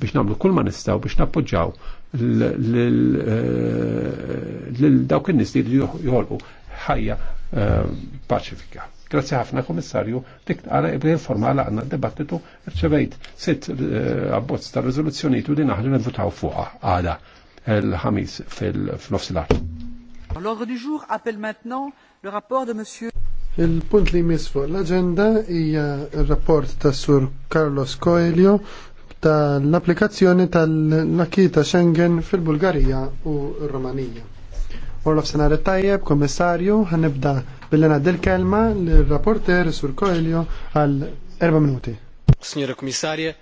biex namlu kull ma nistaw biex nappoġġaw lil dawk in-nies li joħolqu ħajja eh, paċifika. Grazzi ħafna komissarju, dik għala informa għala għanna debattitu rċevejt sitt eh, abbozz ta' rezoluzzjoni tu din aħna nivutaw fuqa għada l-ħamis fil nofs l l ordre du jour appelle maintenant le rapport de monsieur Il-punt li jmiss fuq l-agenda hija r-rapport ta' Sur Carlos Coelho tal-applikazzjoni tal-nakita Schengen fil-Bulgarija u r-Romanija. Orlof Senare Tajjeb, Komissarju, ħanibda Billena del kelma l-rapporter Sur Koelio għal erba' minuti. Signora komissarja,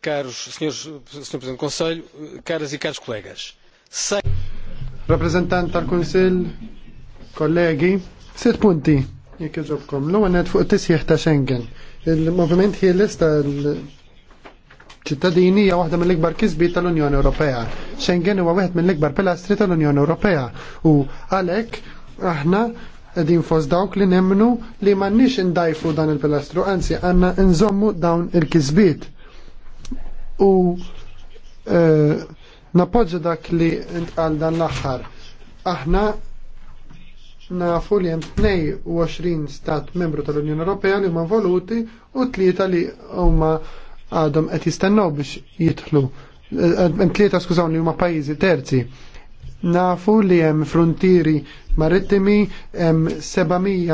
karus, signor, signor Presidente Conselho, caras i e karus colegas. Sei... Rappresentant tal-Konsil, kollegi, sit punti jekk iġobkom. L-għanet fuq tisjeħ ta' Schengen. Il-movement l tal ċittadini hija waħda mill-ikbar kisbiet tal-Unjoni Ewropea. Schengen huwa wieħed mill-ikbar pilastri tal-Unjoni Ewropea u għalhekk aħna qegħdin fost dawk li nemmnu li m'għandniex indajfu dan il-pilastru, anzi għandna nżommu dawn il kisbiet U e, napoġġa dak li ntqal dan l aħħar Aħna nafu li jem 22 stat membru tal-Unjoni Ewropea li huma voluti u tlieta li huma għadhom qed jistennew biex jidħlu. Eh, hemm tlieta skużawni huma pajjiżi terzi. Nafu li hemm frontieri marittimi hemm 772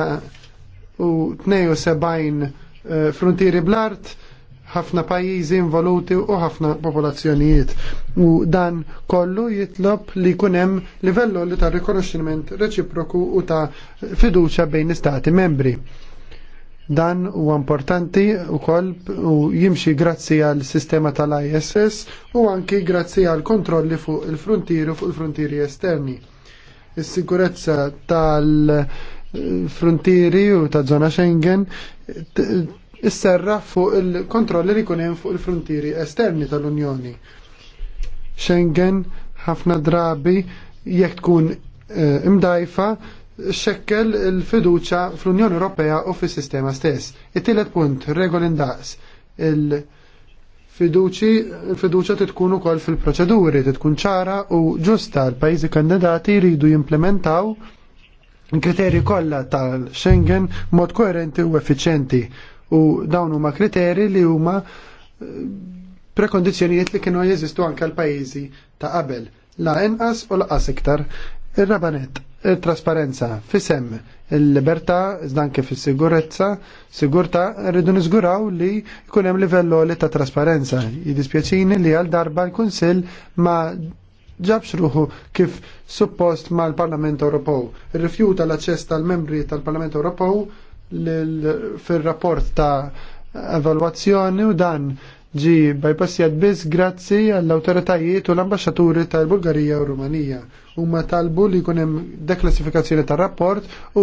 eh, frontieri bl-art ħafna pajjiżi involuti u ħafna popolazzjonijiet. U dan kollu jitlob li jkun hemm livellu li ta' rikonoxximent reċiproku u ta' fiduċja bejn istati membri. Dan huwa importanti wkoll u jimxi grazzi għal sistema tal-ISS u anki grazzi għal kontrolli fuq il-frontieri u fuq il-frontieri esterni. Is-sigurezza tal-frontieri u ta' zona Schengen s-serra fuq il-kontrolli li kunem fuq il-frontieri esterni tal-Unjoni. Schengen ħafna drabi jekk tkun eh, imdajfa xekkel il-fiduċa fl-Unjoni Ewropea u fis-sistema stess. It-tielet punt, regoli ndaqs. Il-fiduċi, il-fiduċa titkun ukoll fil-proċeduri, titkun ċara u ġusta l-pajjiżi kandidati jridu jimplementaw kriteri kollha tal-Schengen mod koerenti u effiċenti u dawn huma kriteri li huma eh, prekondizjonijiet li kienu jeżistu anke l-pajjiżi ta' qabel. La inqas u laqas iktar. Ir-rabanet trasparenza fisem il-libertà, kif fis sigurezza sigurta rridu niżguraw li jkun hemm livello li ta' trasparenza. Jidispjaċini li għal darba l-Kunsill ma ġabx ruħu kif suppost ma l-Parlament Ewropew. Rifjuta l-aċċess tal-membri tal-Parlament Ewropew fil-rapport ta' evalwazzjoni u dan ġi bypassijat biss grazzi għall-autoritajiet u l-ambasċaturi tal-Bulgarija u Rumanija. Huma talbu li jkun hemm deklassifikazzjoni tar-rapport u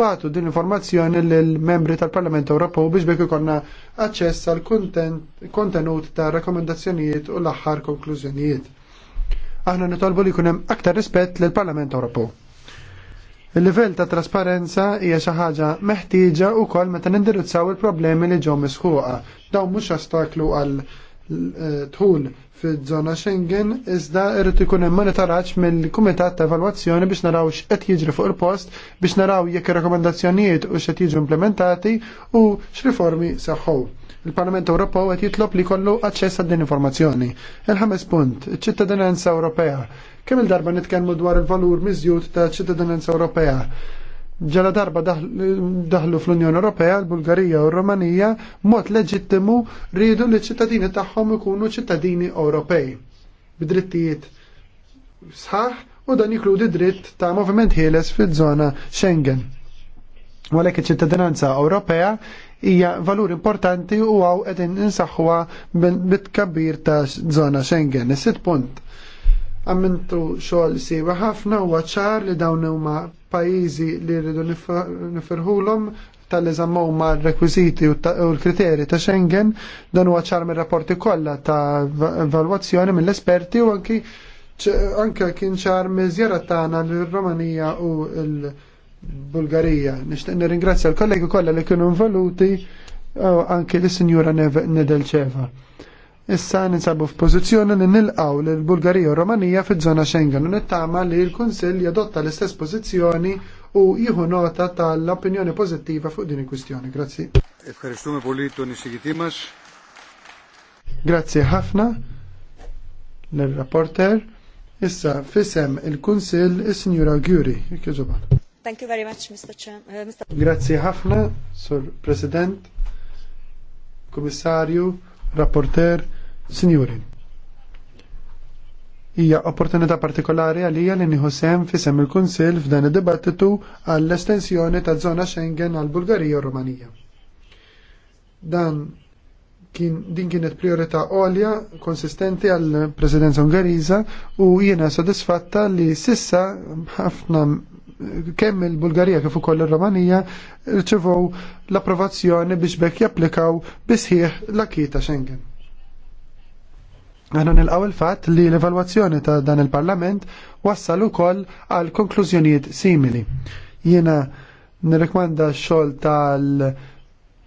batu din informazzjoni lill-membri tal-Parlament Ewropew biex bieku konna aċċess għal kontenut ta' rakkomandazzjonijiet u l-aħħar konklużjonijiet. Aħna nitolbu li jkun hemm aktar rispett lill-Parlament Ewropew. Il-livell ta' trasparenza hija xi ħaġa meħtieġa wkoll meta nindirizzaw il-problemi li ġew misħuqa. Dawn mhux ostaklu għal tħul eh, fiż-żona Schengen iżda irrid ikun hemm monitoraġġ mill-Kumitat ta' Evalwazzjoni biex naraw x'qed jiġri fuq il-post biex naraw jekk ir-rakkomandazzjonijiet u x'qed jiġu implementati u x'riformi seħħu. Il-Parlament Ewropew qed jitlob li jkollu aċċess għad din informazzjoni. Il-ħames punt, iċ-ċittadinanza Ewropea Kemm il-darba nitkellmu dwar il-valur miżjud ta' ċittadinanza Ewropea. Ġala darba daħlu fl-Unjoni Ewropea, l-Bulgarija u r-Romanija, mod leġittimu rridu li ċittadini tagħhom ikunu ċittadini Ewropej. Bidrittijiet sħaħ u dan jikludi dritt ta' moviment ħieles fiż-żona Schengen. Walek iċ-ċittadinanza Ewropea hija valur importanti u għaw qegħdin insaħħuha bit-kabbir ta' żona Schengen. Is-sitt punt Ammintu xogħol siwa ħafna huwa ċar li dawn huma pajjiżi li rridu nifirħulhom tal-li zammaw ma rekwiziti u l-kriteri ta' Schengen dan huwa ċar mir rapporti kollha ta' valwazzjoni mill-esperti u anki anke kien ċar miżjara tagħna l-Romanija u l-Bulgarija. Nixtieq nirringrazzja l-kollegi kollha li kienu involuti anke l-Sinjura Nedelċeva. Issa ninsabu f'pożizzjoni li nilqaw l bulgarija u Romanija fiż-żona Schengen u nittama li l-Kunsill jadotta l-istess pożizzjoni u jieħu nota tal-opinjoni pożittiva fuq din il-kwistjoni. Grazzi. Grazzi ħafna l-rapporter. Issa fisem il-Kunsill is signora Guri. Thank you very much, Mr. Chair. Uh, Mr. Grazie ħafna, Sur President, Komissarju rapporter, Signorin. Hija opportunità partikolari għalija li nieħu sem fisem il-Kunsill f'dan id-dibattitu għall-estensjoni ta' żona Schengen għal Bulgarija u Rumanija. Dan kien din kienet priorità għolja konsistenti għall presidenza Ungariża u jiena sodisfatta li sissa ħafna kemm il-Bulgarija kif ukoll ir-Romanija rċevow l-approvazzjoni biex bekk japplikaw bisħieħ l-akita Schengen. Aħna nilqaw il-fatt li l-evalwazzjoni ta' dan il-Parlament wassal ukoll għal konklużjonijiet simili. Jiena nirekmanda x-xogħol tal-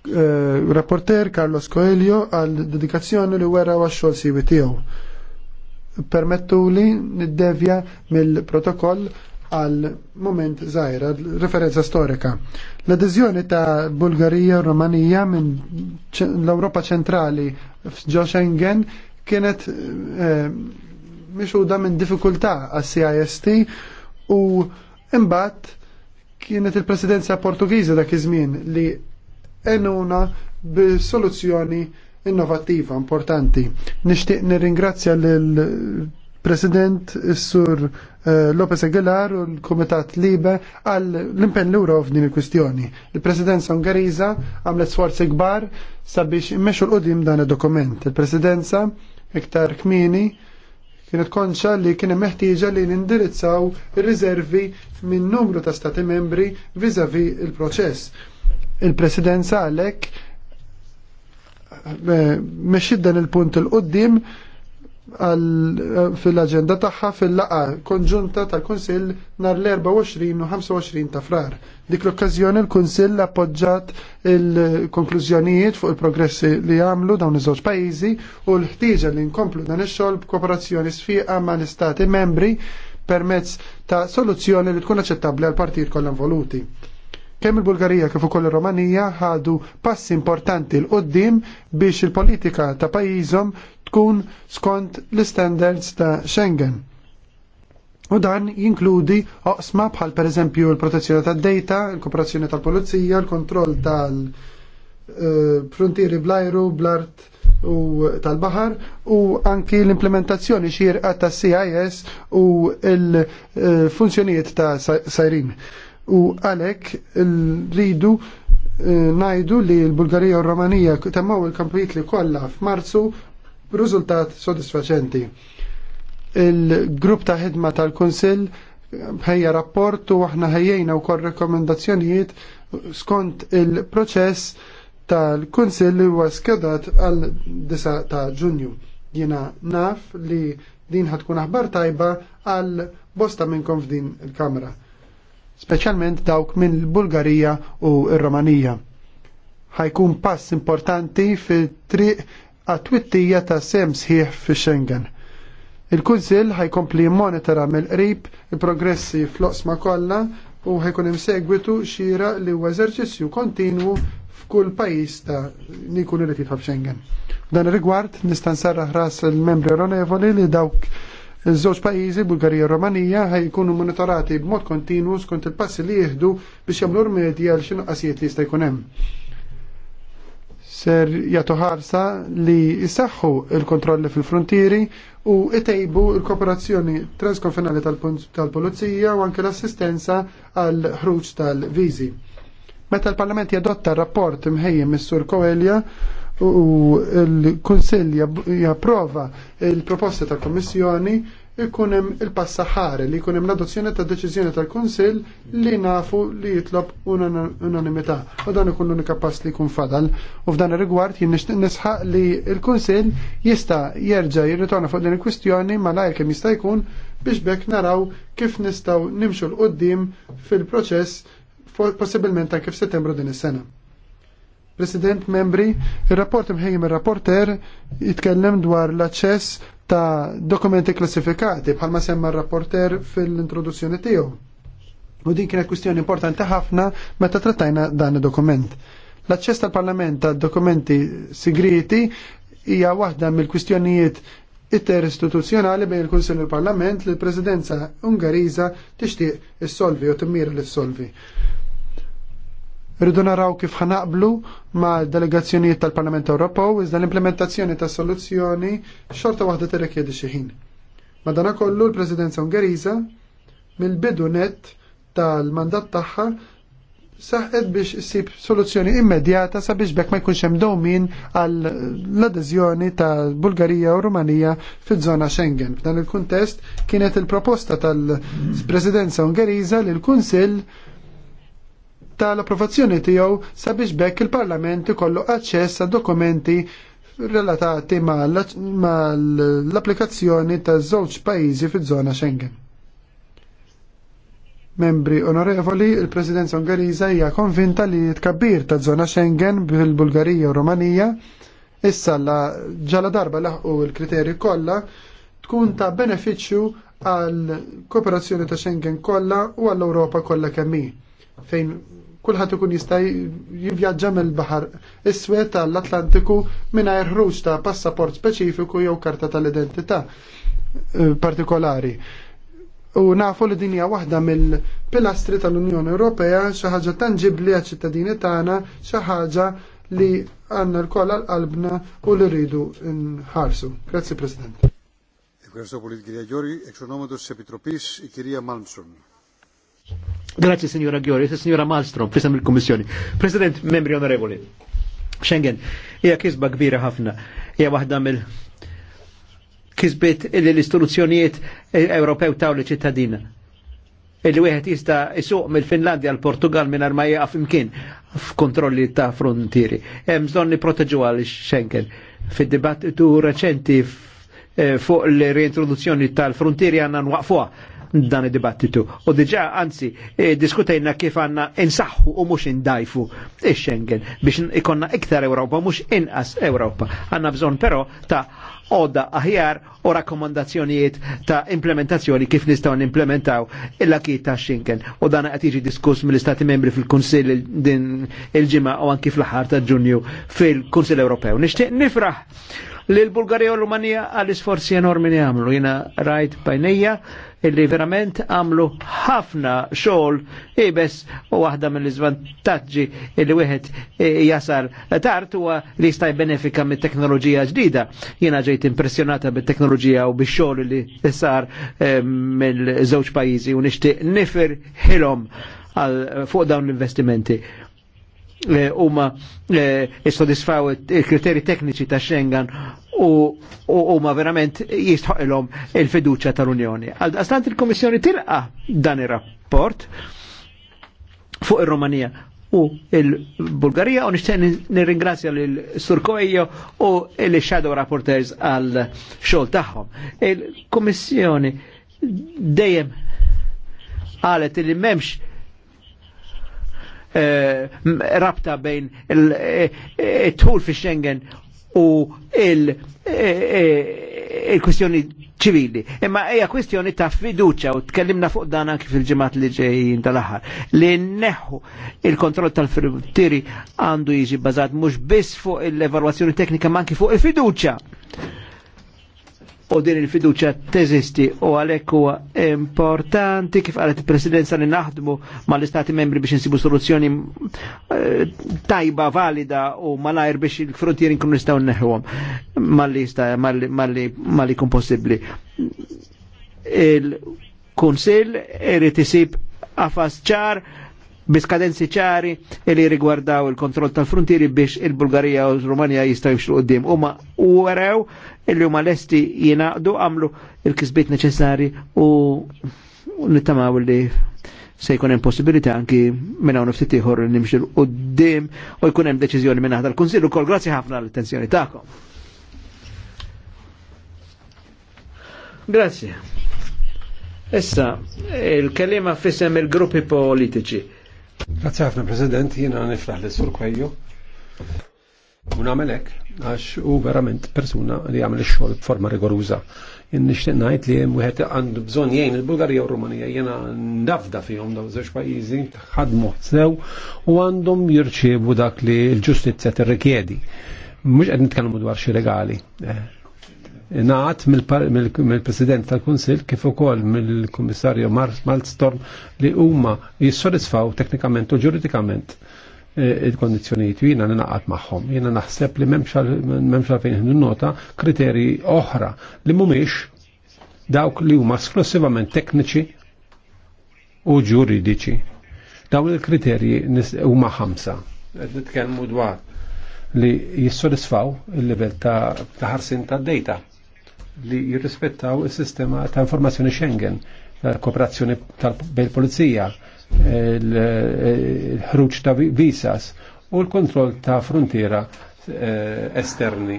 eh, rapporter Carlos Coelho għal dedikazzjoni li wera għax-xogħol siwi tiegħu permettu li niddevja mill-protokoll għal moment zaħira, referenza storika. L-adizjoni ta' Bulgarija u Romanija minn l-Europa ċentrali f'ġo Schengen kienet eh, minn diffikultà għas CIST u imbat kienet il-presidenza portugiza dak iż-żmien li enuna soluzzjoni innovativa importanti. Nixtieq nirringrazzja l President Sur eh, Lopez Aguilar u l-Komitat Libe għal l-impenn l uro f'din il-kwistjoni. Il-Presidenza Ungariża għamlet sforzi kbar sabiex immexu l-qudiem dan il dokument Il-Presidenza iktar kmini kienet konċa li kien meħtieġa li nindirizzaw ir rizervi minn numru ta' stati membri vizavi il-proċess. Il-presidenza għalek eh, meċid dan il-punt il-qoddim Eh, fil-agenda tagħha fil-laqa konġunta tal-Kunsill nar l-24 u 25 ta' frar. Dik l-okkażjoni l-Kunsill appoġġat il-konklużjonijiet fuq il-progressi li għamlu dawn iż-żewġ pajjiżi u l-ħtieġa li nkomplu dan ix-xogħol b'kooperazzjoni sfiqa ma' l-istati membri permezz ta' soluzzjoni li tkun aċċettabbli għal partijiet kollha involuti. Kemm il-Bulgarija kif ukoll ir-Romanija ħadu passi importanti l qoddim biex il-politika ta' pajjiżhom tkun skont l-standards ta' Schengen. U dan jinkludi oqsma bħal per eżempju l-protezzjoni tad data l-kooperazzjoni tal-polizija, l-kontroll tal-frontieri eh, blajru, blart u tal-bahar u anki l-implementazzjoni xirqa ta' CIS u l-funzjonijiet eh, ta' sajrin. U għalek l-ridu eh, najdu li l-Bulgarija u r-Romanija temmaw il-kampijiet li kollha f'Marzu riżultat sodisfaċenti. Il-grupp ta' ħidma tal-Kunsill ħejja rapport u aħna ħejjejna wkoll rekomendazzjonijiet skont il-proċess tal-Kunsill li huwa skedat għal 9 ta' Ġunju. Jiena naf li din ħatkun aħbar tajba għal bosta minnkom f'din il-Kamra, speċjalment dawk minn bulgarija u r-Romanija. Ħajkun pass importanti fit-triq għat-twittija ta' sem sħiħ fi Schengen. Il-Kunsil ħajkompli monitora mill-qrib il-progressi fl ma' kollha u ħajkun hemm segwitu xira li huwa eżerċizzju kontinwu f'kull pajjiż ta' li jkun irid jidħol Schengen. Dan rigward nista' sarraħ ras il-membri Ronevoli li dawk Iż-żewġ pajjiżi, Bulgarija u Romanija, ħajkunu monitorati b'mod kontinwu skont il-passi li jieħdu biex jagħmlu rmedja għal xi li jista' jkun hemm ser jagħtu ħarsa li jisaxħu il-kontrolli fil-frontieri u itejbu il-kooperazzjoni transkonfinali tal-Polizija u anke l-assistenza għal ħruġ tal-viżi. Meta l-Parlament jadotta rapport mħejjem mis-Sur Koelja u l-Kunsill japprova il-proposta tal-Kommissjoni ikun hemm il passaħare li jkun hemm l-adozzjoni ta' deċiżjoni tal-Kunsill li nafu li jitlob unanimità. U dan ikun l-unika pass li jkun fadal. U f'dan ir-rigward jien nisħaq li l-Kunsill jista' jerġa' jirritorna fuq din il-kwistjoni malajr kemm jista' jkun biex bekk naraw kif nistgħu nimxu l qudiem fil-proċess possibilment anke f'Settembru din is-sena. President, membri, il-rapport imħejjem il-rapporter jitkellem dwar l-aċċess ta' dokumenti klassifikati bħalma semma r-rapporter fil-introduzzjoni tiegħu. U din kienet kwistjoni importanti ħafna meta trattajna dan id-dokument. L-aċċess tal-Parlament ta' dokumenti sigriti hija waħda mill-kwistjonijiet interistituzzjonali bejn il-Kunsill u parlament li l-Presidenza Ungariża tixtieq issolvi u timmira l-issolvi. Rridu naraw kif ħanaqblu ma' delegazzjonijiet tal-Parlament Ewropew iżda l-implementazzjoni ta' soluzzjoni xorta waħda tirrekjedi xi ħin. Madanakollu l-Presidenza Ungeriża mill-bidu net tal-mandat tagħha saħed biex issib soluzzjoni immedjata sabiex bekk ma jkunx hemm dowmin għal l-adeżjoni ta' Bulgarija u Rumanija fiż-żona Schengen. F'dan il-kuntest kienet il-proposta tal-Presidenza Ungeriża li l-Kunsill tal-approvazzjoni tiegħu sabiex bekk il-Parlament ikollu aċċess għad dokumenti relatati mal-applikazzjoni ta' żewġ pajjiżi fiż-żona Schengen. Membri onorevoli, il-Presidenza Ungariża hija konvinta li tkabbir ta' żona Schengen bil-Bulgarija u Romanija issa la ġala darba laħqu l kriterju kollha tkun ta' benefiċċju għal kooperazzjoni ta' Schengen kollha u għall-Ewropa kollha kemm fejn kulħadd ikun jista' jivvjaġġa mill-baħar iswed tal-Atlantiku mingħajr ħruġ ta' passaport speċifiku jew karta tal-identità eh, partikolari. U nafu li dinja waħda mill-pilastri tal-Unjoni Ewropea xi ħaġa tanġibli għaċ-ċittadini tagħna, xi ħaġa li għanna l-koll għal-qalbna u li rridu nħarsu. Grazzi, President. Ευχαριστώ πολύ κυρία Γιώρη. Εξ της Επιτροπής, η κυρία Grazie signora Gjoris, signora Malmstrom, fissam il-Kommissjoni. President, membri onorevoli, Schengen, hija kisba kbira ħafna, hija waħda mill kisbit li l-istituzzjonijiet Ewropew taw li ċittadina. Illi wieħed jista' isuq mill-Finlandja għal Portugal minn ma għaf imkien f'kontrolli ta' frontieri. Hemm bżonn niprotegġu għal Schengen. Fid-dibattitu reċenti eh, fuq l-reintroduzzjoni tal-frontieri għandna nwaqfuha dan id-dibattitu. U diġa, anzi, e, diskutejna kif għanna insaħħu u mux indajfu il-Schengen biex ikonna iktar Ewropa, mux inqas Ewropa. Għanna bżon però ta' oda aħjar u rakkomandazzjonijiet ta' implementazzjoni kif nistaw n-implementaw il-laki ta' Schengen. U dan qed jiġi diskuss mill-Istati membri fil-Kunsill din il-ġimgħa u anki fl-aħħar ta' Ġunju fil-Kunsill Ewropew. Nixtieq nifraħ li l-Bulgarija u l-Rumanija għall-isforzi enormi li għamlu. Jena rajt bajnija illi verament għamlu ħafna xogħol ibes u waħda mill-iżvantaġġi illi wieħed e, jasar tard huwa li jista' jbenefika mit-teknoloġija ġdida. Jiena ġejt impressjonata bit-teknoloġija u bix-xogħol li sar e, mill-żewġ pajjiżi u nixtieq nifir ħilhom fuq dawn l-investimenti e, huma ma issodisfaw il-kriteri tekniċi ta' Schengen u huma verament jistħoq il-fiduċja tal-Unjoni. Għastant stant il-Kommissjoni tilqa dan ir-rapport fuq ir romania u il-Bulgarija u nishtiq nirringrazzja lil Sur Koejo u il shadow Rapporters għal xogħol tagħhom. Il-Kummissjoni dejjem qalet li m'hemmx eh, rabta bejn eh, eh, it-tul fi Schengen u il-kwestjoni e, e, e, ċivili. Imma hija kwestjoni ta' fiduċa u tkellimna fuq dan anki fil-ġimgħat li ġejjin tal-aħħar. Li nneħħu il-kontroll tal-frontieri għandu jiġi bbażat mhux biss fuq l-evalwazzjoni teknika ma anki fuq il-fiduċa u din il-fiduċa teżisti u għalhekk huwa importanti kif għalet il-Presidenza li naħdmu ma l istati membri biex nsibu soluzzjoni eh, tajba valida u malajr biex il-frontieri nkunu nistgħu neħħuhom mal-lista mal-li kun possibbli. Il-Kunsill irid isib għafas ċar biskadenzi ċari li rigwardaw il-kontroll tal-frontieri biex il-Bulgarija u l-Rumanija jistaw jimxu qoddim. U ma u għaraw illi huma lesti jinaqdu għamlu il-kisbit neċessari u nittamaw li se jkun hemm possibilità anki minn hawn ftit ieħor nimxil qudiem u jkun hemm deċiżjoni minn aħdar il-Kunsill ukoll grazzi ħafna l-attenzjoni tagħkom. Grazie. Issa, il-kelima fissem il-gruppi politiċi. Grazie ħafna President, jiena nifraħ li sur kwejju. Un għamelek, għax u verament persuna li għamel xol b'forma rigoruża. Jien nixtieq ngħid li hemm wieħed għandu bżonn jgħin il-Bulgarija u Rumanija jiena ndafda fihom daw żewġ pajjiżi ħadmu sew u għandhom jirċievu dak li l-ġustizzja tirrikjedi. Mhux qed nitkellmu dwar xi regali. Eh, naħat mill-President tal-Kunsil kif ukoll mill-Kummissarju Malmstorm li huma jissodisfaw teknikament u ġuridikament e, il-kondizjonijiet u jina naqat magħhom. Jiena naħseb li m'hemmx għalfejn nota kriterji oħra li mhumiex dawk li huma esklusivament tekniċi u ġuridiċi. Dawn il-kriterji huma ħamsa. nitkellmu dwar li jissodisfaw il-livell ta' ħarsin ta' data li jirrispettaw il-sistema ta' informazzjoni Schengen, kooperazzjoni tal-polizija, il-ħruċ ta' visas u l-kontroll ta' frontiera eh, esterni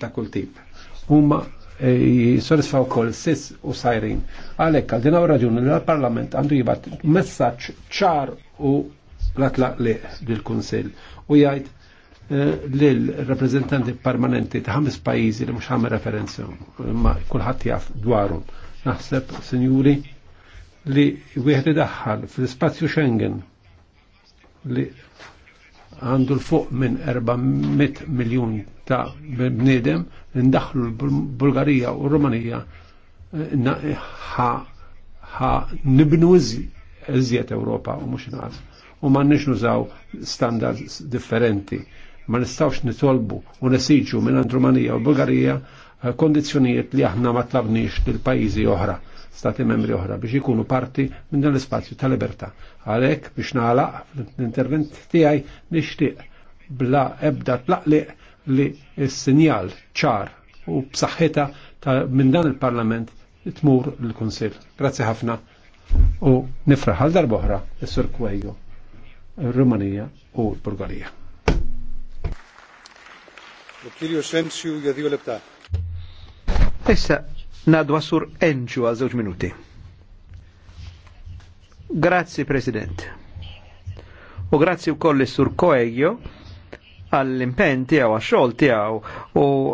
ta' kull tip. Huma eh, jisorisfaw kol sis u sajrin. Għalek, għal dinaw raġuni l-Parlament għandu jibat messaċ ċar u l-atlaq li dil konsil u jgħid Eh, l-rappresentanti permanenti ta' ħames pajjiżi li mhux ħamme referenza ma kulħadd jaf dwarhom. Naħseb, sinjuri, li wieħed idaħħal fl-ispazju Schengen li għandu l-fuq minn 400 miljun ta' bnedem ndaħlu l-Bulgarija u r-Rumanija eh, ħa nibnu iżjed Ewropa u mhux inqas. U m'għandniex nużaw standards differenti ma nistawx nitolbu u nesiġu minn Andrumanija u Bulgarija eh, kondizjonijiet li aħna ma tlabniex lil pajjiżi oħra, stati membri oħra biex ikunu parti minn dan l-ispazju ta' libertà. Għalhekk biex nagħlaq l-intervent tiegħi nixtieq bla ebda tlaqliq li s-sinjal ċar u b'saħħita minn dan il-Parlament tmur l-Kunsill. Grazzi ħafna u nifraħal għal darboħra is-Sur Kwejju, Rumanija u l-Bulgarija. Ο Issa, nadu għasur enġu għal minuti. Grazzi, President. U grazzi u kolli sur koegjo għall impenti għaw, għax tijaw u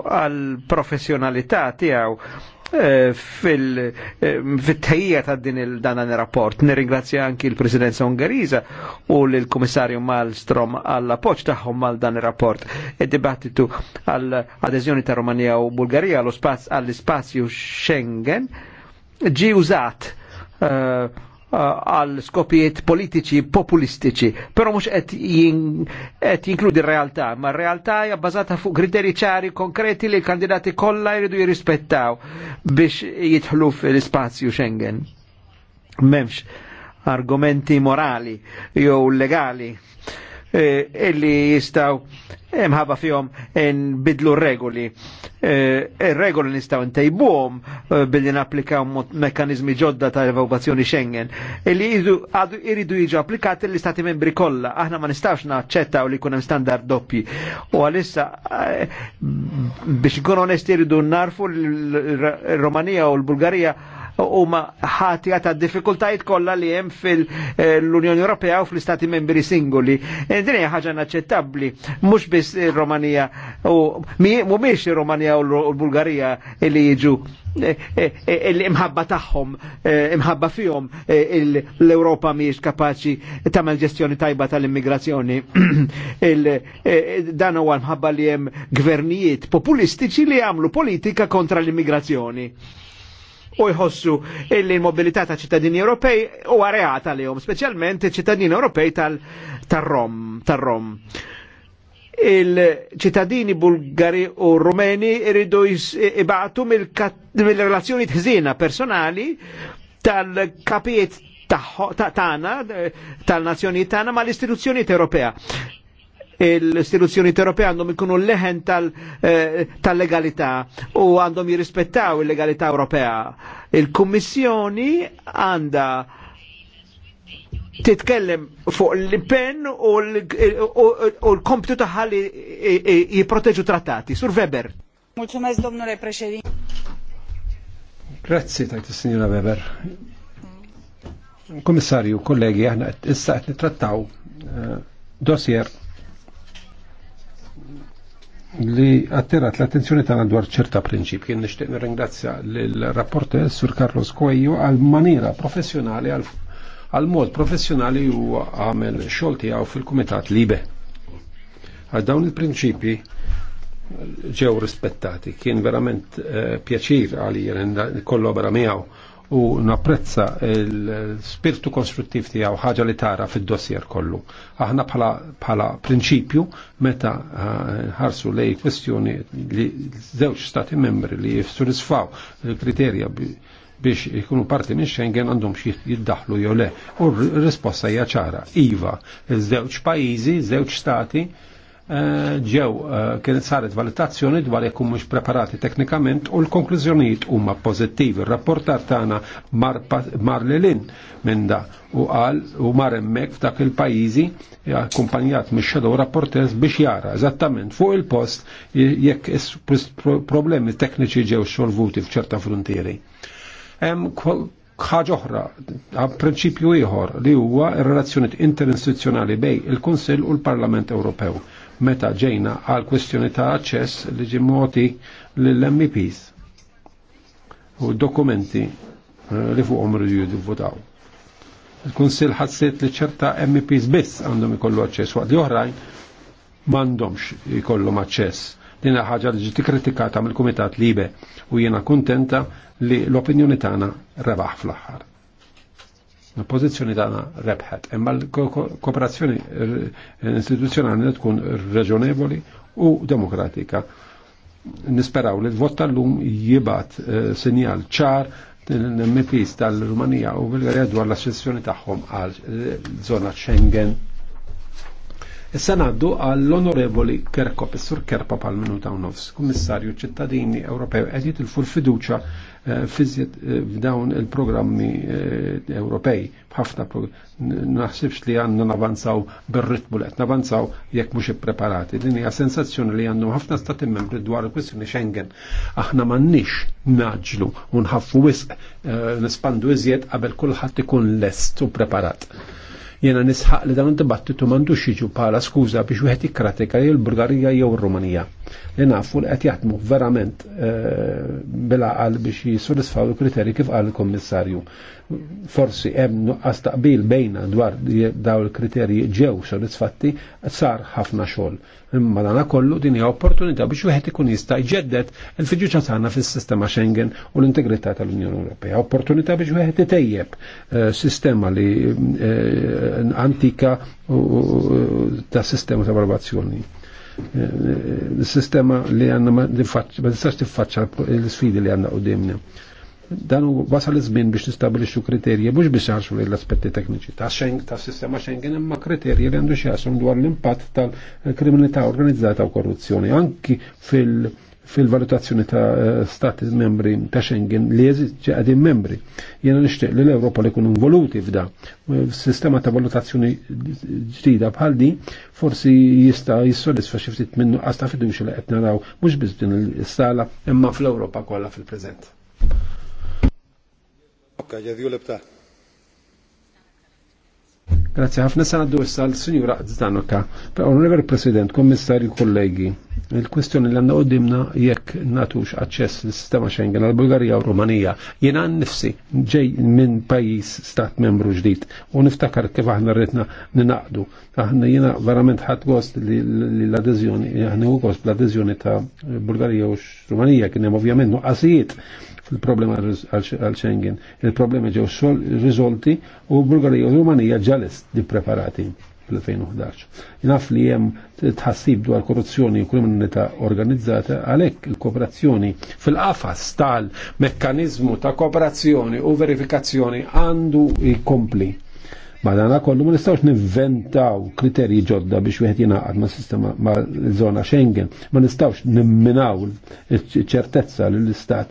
għall-professionalità tijaw Eh, fil-tħejja eh, ta' din il-dan rapport. Nirringrazzja anki l-Presidenza Ungheriża u l komissarju Malmstrom għall-appoġġ tagħhom mal dan ir-rapport. Id-dibattitu għall-adeżjoni ta' Romania u Bulgarija għall-ispazju Schengen ġi użat eh, Eh, għal skopijiet politiċi populistiċi, però mhux qed jinkludi realtà ma realtà hija bbażata fuq kriteri ċari konkreti li l-kandidati kollha jridu jirrispettaw biex jidħlu fl-ispazju Schengen. M'hemmx argumenti morali jew legali Eh, illi jistaw eh, mħabba fjom eh, nbidlu regoli. il Regoli nistaw ntejbuhom billi napplikaw mekanizmi ġodda ta' evalvazzjoni Schengen. Illi għadu iridu jiġu applikati l-istati membri kolla. Aħna ma nistawx naċċettaw li kunem standard doppi. U għalissa biex kun onesti iridu narfu l romania u l-Bulgarija huma ħati ta' diffikultajiet kollha li hemm fil-Unjoni Ewropea u fl-Istati membri singoli. E, din hija ħaġa naċċettabbli, mhux biss romania romanija u mhumiex il romanija u l-Bulgarija li jiġu e, e, l-imħabba tagħhom, imħabba fihom l-Ewropa mhijiex kapaċi tagħmel ġestjoni tajba tal-immigrazzjoni. Dan huwa mħabba li hemm gvernijiet populistiċi li jagħmlu politika kontra l-immigrazzjoni u jħossu illi l-mobilità ta' ċittadini Ewropej u għareata li jom, specialment ċittadini Ewropej tal-Rom. Tal rom Il-ċittadini bulgari u rumeni irridu ibaqtu mill-relazzjoni tħżina personali tal-kapiet tagħna, tal-nazzjoni tagħna l istituzzjonijiet Ewropea l-istituzzjoni Ewropea għandhom ikunu leħen eh, tal-legalità u għandhom jirrispettaw il-legalità Ewropea. Il-Kummissjoni għanda titkellem fuq l-pen u l kompju taħħali jiproteġu trattati. Sur Weber. Mulțumesc, domnule președinte. Grazie, tajt signora Weber. Komissarju, kollegi, għahna, issa qed nittrattaw eh, dossier li attirat l-attenzjoni tagħna dwar ċerta prinċip. Kien nixtieq nirringrazzja l-rapporter Sur Carlos Coelho għal maniera professjonali għal mod professjonali u għamel xogħol tiegħu fil-Kumitat Libe. Għal dawn il-prinċipi ġew rispettati. Kien verament eh, pjaċir għalija kollobra miegħu u napprezza l-spirtu konstruttiv tiegħu ħaġa li tara fid-dossier kollu. Aħna bħala prinċipju meta eh, ħarsu lej kwestjoni li żewġ stati membri li jissurisfaw il-kriterja biex ikunu parti minn Schengen għandhom xie jiddaħlu jew le. U r-risposta hija ċara. Iva, żewġ pajjiżi, żewġ stati Eh, ġew eh, kienet saret valutazzjoni dwar jekk mhux preparati teknikament u l-konklużjonijiet huma pożittivi. Ir-rapportar tagħna mar lilin minn da u qal u mar hemmhekk f'dak il-pajjiżi eh, akkumpanjat mix shadow rapporters biex jara eżattament fuq il-post jekk problemi tekniċi ġew xolvuti f'ċerta frontieri. Hemm ħaġa oħra, prinċipju ieħor li huwa r-relazzjoniet interinstituzzjonali bej il-Kunsill u l-Parlament Ewropew meta ġejna għal kwestjoni ta' aċċess li ġimmoti l-MPs u dokumenti eh, li fuqhom rridu jivvotaw. Il-Kunsill ħassiet li ċerta MPs biss għandhom ikollu aċċess waqt li oħrajn m'għandhomx ikollhom aċċess. Din ħaġa li ġiet kritikata mill-Kumitat Libe u jiena kuntenta li l-opinjoni tagħna rebaħ fl-aħħar. Il-pozizjoni tagħna rebħet, imma l-kooperazzjoni eh, istituzzjonali tkun raġonevoli u demokratika. Nisperaw li l-vot tal-lum jibat eh, sinjal ċar l-MPs tal-Rumanija u Bulgarija dwar l-assessjoni tagħhom għal eh, zona Schengen Issa naddu għall-onorevoli Kerko, Pessur Kerpa pal minuta u nofs, kummissarju ċittadini Ewropew qed jitilfu fur fiduċa eh, eh, f'dawn il-programmi eh, Ewropej. B'ħafna naħsibx li għandna navanzaw bir-ritmu li qed navanzaw jekk mhux ippreparati. Din hija sensazzjoni li għandhom ħafna stati membri dwar il-kwistjoni Schengen. Aħna m'għandniex naġlu u nħaffu wisq nispandu iżjed qabel kulħadd ikun lest u preparat. Jena nisħaq li dan id-dibattitu mandux jiġu bħala skuża biex wieħed ikkratika jew il-Bulgarija jew ir-Rumanija li nafu li qed jaħdmu verament eh, bil-għal biex jisodisfaw il kriterji kif qal il-Kommissarju. Forsi hemm nuqqas taqbil bejna dwar daw il-kriterji ġew sodisfatti sar ħafna xogħol. Imma dana kollu din hija opportunità biex wieħed ikun jista' jġeddet il-fiduċja tagħna fis-sistema Schengen u l-integrità tal-Unjoni Ewropea. Opportunità biex wieħed itejjeb eh, sistema li eh, antika ta' sistema ta' valutazzjoni. Eh, il sistema li għanna ma tistax tiffaċċa l-sfidi li għanna qudiemna. Dan u wasal iż-żmien biex nistabilixxu kriterji mhux biex jaħxu lil aspetti tekniċi ta' Schengen ta' sistema Schengen imma kriterji li għandu xi dwar l-impatt tal-kriminalità organizzata u korruzzjoni anki fil- fil-valutazzjoni ta' eh, stati membri ta' Schengen li jeżiġi għadin membri. Jena nishtiq li l-Europa li kun involuti f'da. Eh, sistema ta' valutazzjoni ġdida bħal din forsi jista' jissodisfa ftit minnu għasta fiduċi li qed naraw mhux biss din is-sala, imma fl-Europa kollha fil-preżent. Okay, Grazie ħafna sanaddu issa l-Sinjura Zdanoka. Onorevoli President, Kommissarju, kollegi, il-kwestjoni li għanna għoddimna jekk natux aċċess l-sistema Schengen għal bulgarija u Rumanija. Jena nifsi ġej minn pajis stat membru ġdid u niftakar kif aħna rritna ninaqdu. Aħna jena verament ħadd gost li l-adezjoni, aħna u gost l-adezjoni ta' Bulgarija u Rumanija kien hemm ovvjament nuqqasijiet il-problema għal Schengen. il problema ġew riżolti u Bulgarija u Rumanija ġalis di preparati fl-2011. Naf li jem tħassib dwar korruzzjoni u kriminalità organizzata, għalek il-kooperazzjoni fil-qafas tal-mekkanizmu ta' kooperazzjoni u verifikazzjoni għandu jkompli. Ma dan kollu ma nistawx nivventaw kriteri ġodda biex wieħed jingħaqad ma' sistema ma' zona Schengen, ma nistawx nimminaw ċertezza li l-istat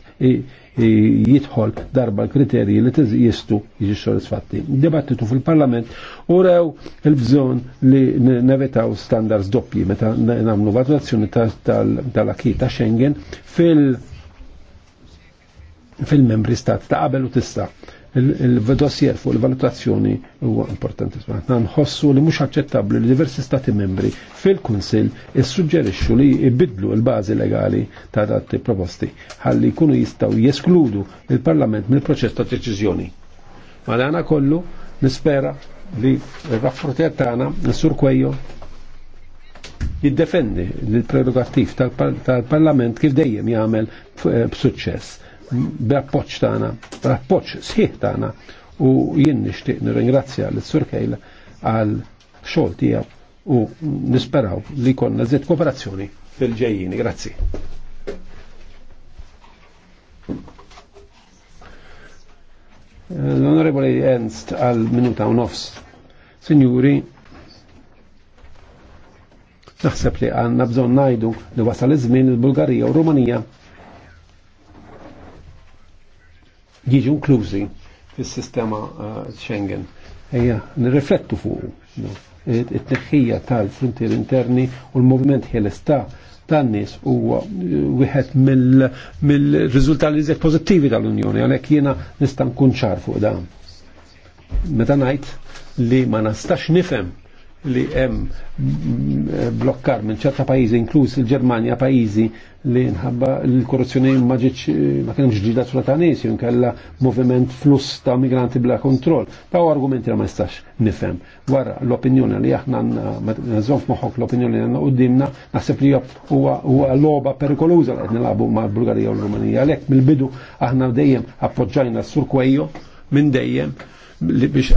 jidħol darba l-kriterji li teżistu jiġi soddisfatti. Dibattitu fil-Parlament u rew il-bżon li nevetaw standards doppji meta namlu valutazzjoni tal akita ta' Schengen fil- fil-membri stat ta' qabel u tista' il-dossier fuq il-valutazzjoni huwa importanti. nħossu li mhux aċċettabbli li diversi stati membri fil-Kunsill issuġġerixxu li jbidlu l-bażi legali ta' dati proposti ħalli jkunu jistgħu jeskludu il-Parlament mill-proċess ta' deċiżjoni. Ma kollu nispera li r-raffrutiet tagħna Sur Kwejjo jiddefendi l-prerogattiv tal-Parlament kif dejjem jagħmel eh, b'suċċess b'appoġġ tagħna, b'appoġġ sħiħ tagħna u jien nixtieq nirringrazzja l sur Kejla għal xogħol tiegħu u nisperaw li konna żied kooperazzjoni fil-ġejjini. Grazzi. L-Onorevoli Ernst għal minuta u nofs. Signuri, naħseb li għanna bżon najdu li wasal iż-żmien il-Bulgarija u Rumanija jiġu inklużi fil sistema eh, Schengen. Eja, nirriflettu fuq it-tneħħija tal-frontier interni u l movement ħelesta tan-nies u eh, wieħed mill-riżultati li pożittivi tal-Unjoni għalhekk jiena nista' nkun ċar fuq dan. Meta ngħid li ma nistax nifhem li hemm blokkar minn ċerta pajjiżi inkluż il-Ġermanja pajjiżi li nħabba l-korruzzjoni ma ġietx ma kienx ġdida sulla ta' nies jew kellha moviment fluss ta' migranti bla kontroll. Taw argumenti li ma jistax nifhem. Wara l-opinjoni li aħna nżomm moħħok l-opinjoni li għandna qudiemna naħseb li huwa logħba perikoluża li qed nilagħbu mal-Bulgarija u l-Rumanija. Għalhekk mill-bidu aħna dejjem appoġġajna s-sur kwejjo minn dejjem biex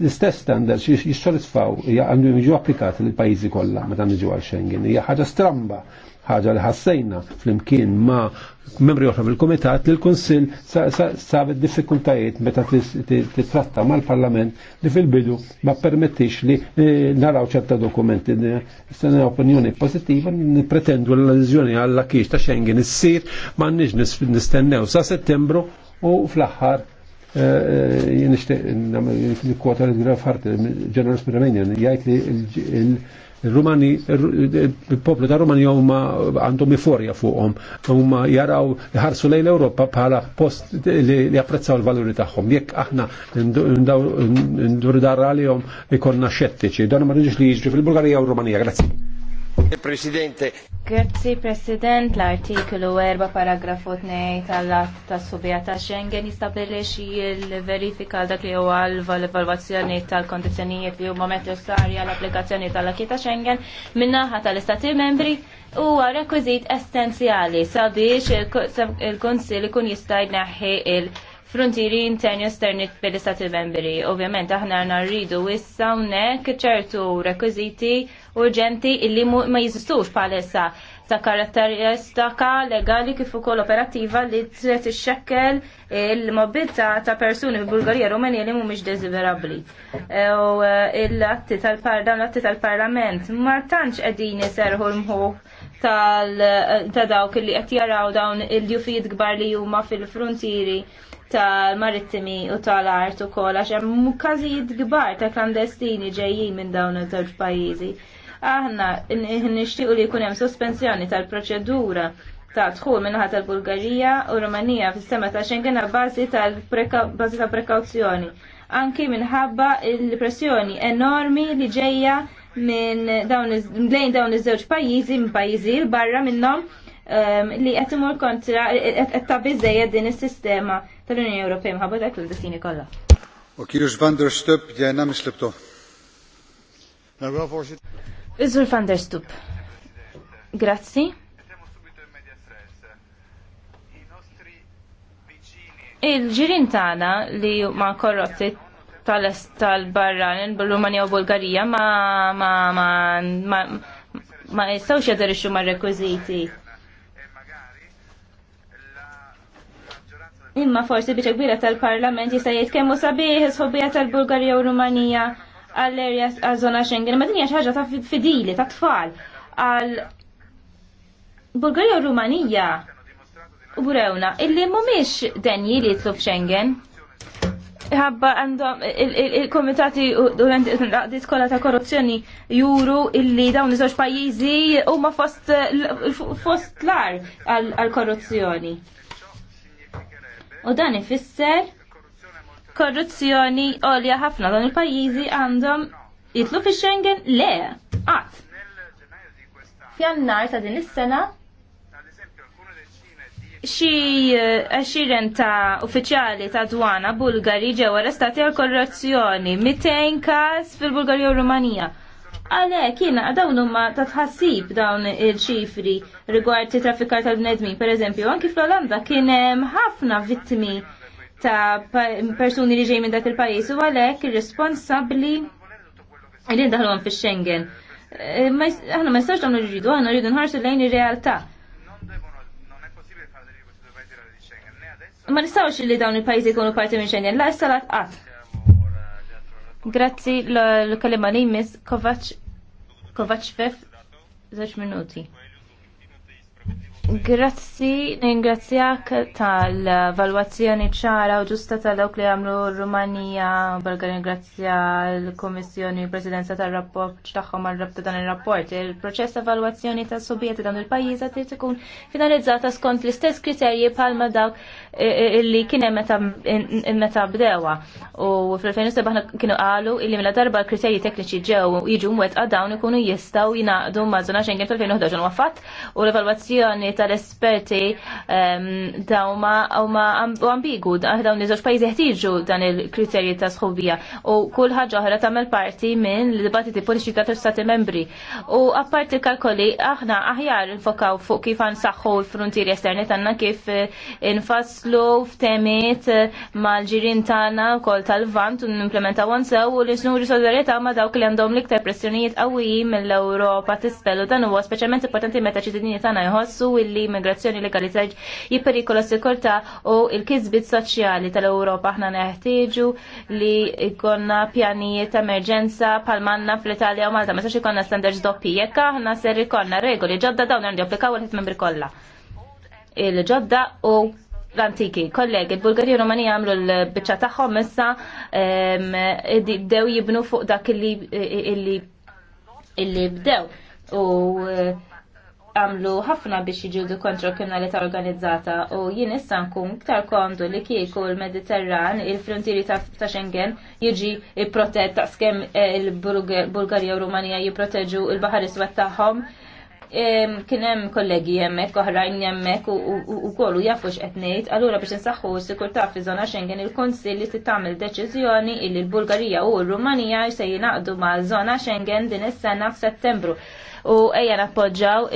l-istess standard jissolisfaw għandu jiġu applikati l-pajizi kollha meta niġu għal Schengen. Hija ħaġa stramba, ħaġa li ħassejna flimkien ma' membri oħra mill-Kumitat li l-Kunsill sabet diffikultajiet meta titratta mal-Parlament li fil-bidu ma permettix li naraw ċerta dokumenti sena opinjoni pozittiva pretendu l-adizjoni għall kiex ta' Schengen issir ma nix nistennew sa' settembru u fl-aħħar jien nixtieq nagħmel kwota graf ħart General Spiramenjan jgħid li il-Rumani, il-poplu ta' Rumani huma għandhom euforja fuqhom, huma jaraw ħarsu lejn l-Ewropa bħala post li japprezzaw l-valuri tagħhom. Jekk aħna ndur darra għalihom ikonna xettiċi, dan ma rridux li jiġri fil-Bulgarija u Rumanija. Grazzi. Presidente. Grazzi President, l-artiklu 4 paragrafu 2 tal-att ta' subija ta' Schengen jistabilixi il-verifika dak li huwa l evalwazzjoni tal-kondizjonijiet li huma metrosari għall-applikazzjoni tal-akki ta' Schengen minnaħa tal-Istati membri huwa rekwizit essenzjali sabiex il-Kunsill ikun jista' jneħħi il-, -il frontieri interni esterni bil istati membri. Ovvjament aħna narridu issa hawnhekk ċertu rekwiżiti urġenti illi ma jizistux bħalissa ta' karatteristika legali kif ukoll operattiva li trid ixxekkel il-mobilità ta' persuni fil-Bulgarija Rumenija li mhumiex desiderabbli. U l-atti tal-Parlament tal-Parlament ma tantx qegħdin iserħu l-mħuħ tal ta' dawk li qed jaraw dawn il-jufijiet kbar li huma fil-frontieri tal-marittimi u tal-art ukoll għax hemm każijiet kbar ta' klandestini ġejjin minn dawn iż-żewġ pajjiżi. Aħna nixtiequ li jkun hemm sospensjoni tal-proċedura ta' dħul minnaħat tal-Bulgarija u Rumanija fis-sema ta' Schengen bażi tal-bażi ta' prekawzjoni anki minħabba il-pressjoni enormi li ġejja minn dawn iż-żewġ pajjiżi minn pajjiżi il barra minnhom li qed imur kontra qed ta' biżejjed din is-sistema tal-Unjoni Ewropea mħabba dak il-destini kollha. U kirux van der Stup ġejna mhix Iżur van der Stup. Grazzi. Il-ġirin tagħna li ma korrotti tal tal-barra l rumanija u Bulgarija ma ma ma ma ma jistgħux jaderixxu ma' rekwiżiti imma forsi biċa kbira tal-parlament jista' jitkemmu sabiħ is-ħobbija tal-Bulgarija u Rumanija għall-erja għal zona Schengen, ma dinja ħaġa ta' fidili, ta' tfal għal Bulgarija u Rumanija u burewna illi mhumiex denji li jitlu f'Schengen. Ħabba għandhom il-komitati u l-għaddit ta' korruzzjoni juru illi dawn iż-żewġ pajjiżi huma fost l-ar għal-korruzzjoni. U dan ifisser korruzzjoni għolja ħafna dan il-pajjiżi għandhom jitlu fi Schengen le, għat. Fjannar ta' din is-sena xi għaxiren eh, ta' uffiċjali ta' dwana Bulgari ġew arrestati għal korruzzjoni, 200 każ fil-Bulgarija u Rumanija. Għale, ah, jina, dawn huma ta' tħassib dawn il-ċifri rigward traffikar tal-bnedmin. Per eżempju, anki fl-Olanda kien hemm ħafna vittmi ta' persuni li ġej minn dak il-pajjiż u għalhekk irresponsabbli li ndaħluhom fix-Schengen. Eh, aħna ma jistax dawn l-ġridu, aħna rridu nħarsu lejn ir-realtà. Ma nistawx li dawn il pajis jkunu parti minn Schengen, la jistalat għat. Grazie l-kalimani Miss Kovac Fef, 10 minuti. Grazzi, ningrazzjak tal-valwazzjoni ċara u ġusta tal-dawk li għamlu Rumanija, Bulgarija, grazzja l-Komissjoni, Presidenza tal-rapport tagħhom għal-rabta dan il-rapport. Il-proċess ta' valwazzjoni ta' subieti dan il-pajjiż għad tkun finalizzata skont l-istess kriterji palma dawk e, e, li kien hemm meta bdewa. U fil-2007 kienu qalu illi mela darba kriterji tekniċi ġew jiġu mwetqa dawn ikunu jistgħu jingħaqdu ma' żona Schengen fil-2011 waffat u l-evalwazzjoni tal-esperti ehm, dawma ma ambigu dawn iż-żewġ pajjiżi ħtiġu dan il-kriterji ta' sħubija u kull ħaġa oħra tagħmel parti minn dibattiti politiċi ta' stati membri. U apparti kalkoli aħna aħjar nfokaw fuq kif saħħu l-frontieri esterni tagħna kif eh, infaslu f'temiet eh, mal-ġirien u wkoll tal-vant u nimplementaw għansaw u l snuri solidarjetà ma' dawk li għandhom l-iktar pressjonijiet qawwijin mill-Ewropa t-spellu dan huwa speċjalment importanti meta ċittadini tagħna jħossu illi immigrazzjoni legalizzaj jipperikola s-sikurta u il-kizbit soċjali tal-Europa aħna neħtieġu li ikonna pjanijiet ta' emerġenza palmanna fl-Italja u Malta, ma sax ikonna standards doppi, jekk aħna ser ikonna regoli ġodda dawn għandu applikaw il-ħit membri kolla. Il-ġodda u l-antiki, kollegi, il-Bulgarija u Romanija għamlu l-bicċa tagħhom issa dew jibnu fuq dak illi illi bdew. U eh, għamlu ħafna biex jġildu kontro kriminalità organizzata u jien issa nkun iktar kondu li kieku l-Mediterran, il-frontieri ta' Schengen jiġi protett ta' skem eh, il-Bulgarija u Rumanija jipproteġu il-bahar iswed tagħhom. Kien hemm kollegi hemmhekk, oħrajn hemmhekk u kollu jafu x'qed ngħid, allura biex insaħħu s-sikurtà fi żona Schengen il-Konsill li tagħmel deċiżjoni li l-Bulgarija u r-Rumanija se jingħaqdu ma' żona Schengen din is-sena f'Settembru u ejja nappoġġaw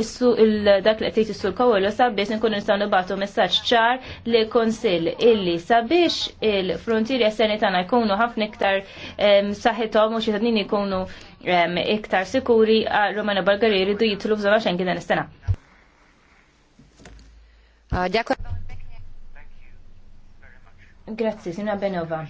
dak li qed is-sur Kowellu sabiex inkun nistgħu nibagħtu messaġġ ċar li kunsill illi sabiex il-frontieri s-seni tagħna jkunu ħafna iktar saħħithom u xi jkunu iktar sikuri Romana Bulgari jridu jitlu f'żona xejn dan is-sena. Ah, Grazzi, Sina Benova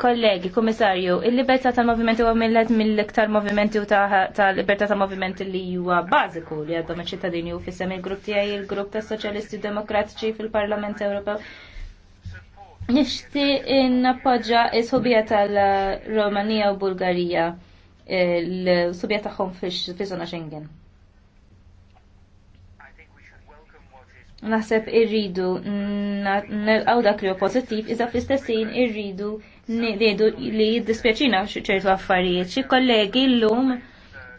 kollegi, komissarju, il-libertà tal-movimenti huwa millet mill-iktar movimenti u tal-libertà tal-movimenti li huwa bażiku li għadhom iċ-ċittadini u fissem il-grupp tiegħi il-grupp ta' soċjalisti Demokratiċi fil-Parlament Ewropew. Nixti nappoġġa is subija tal romania u Bulgarija eh, l-subja tagħhom fis-żona Schengen. naħseb irridu nelqaw dak li pozittiv, iżda fl-istessin irridu nejdu li jiddispjaċina ċertu affarijiet. Xi kollegi llum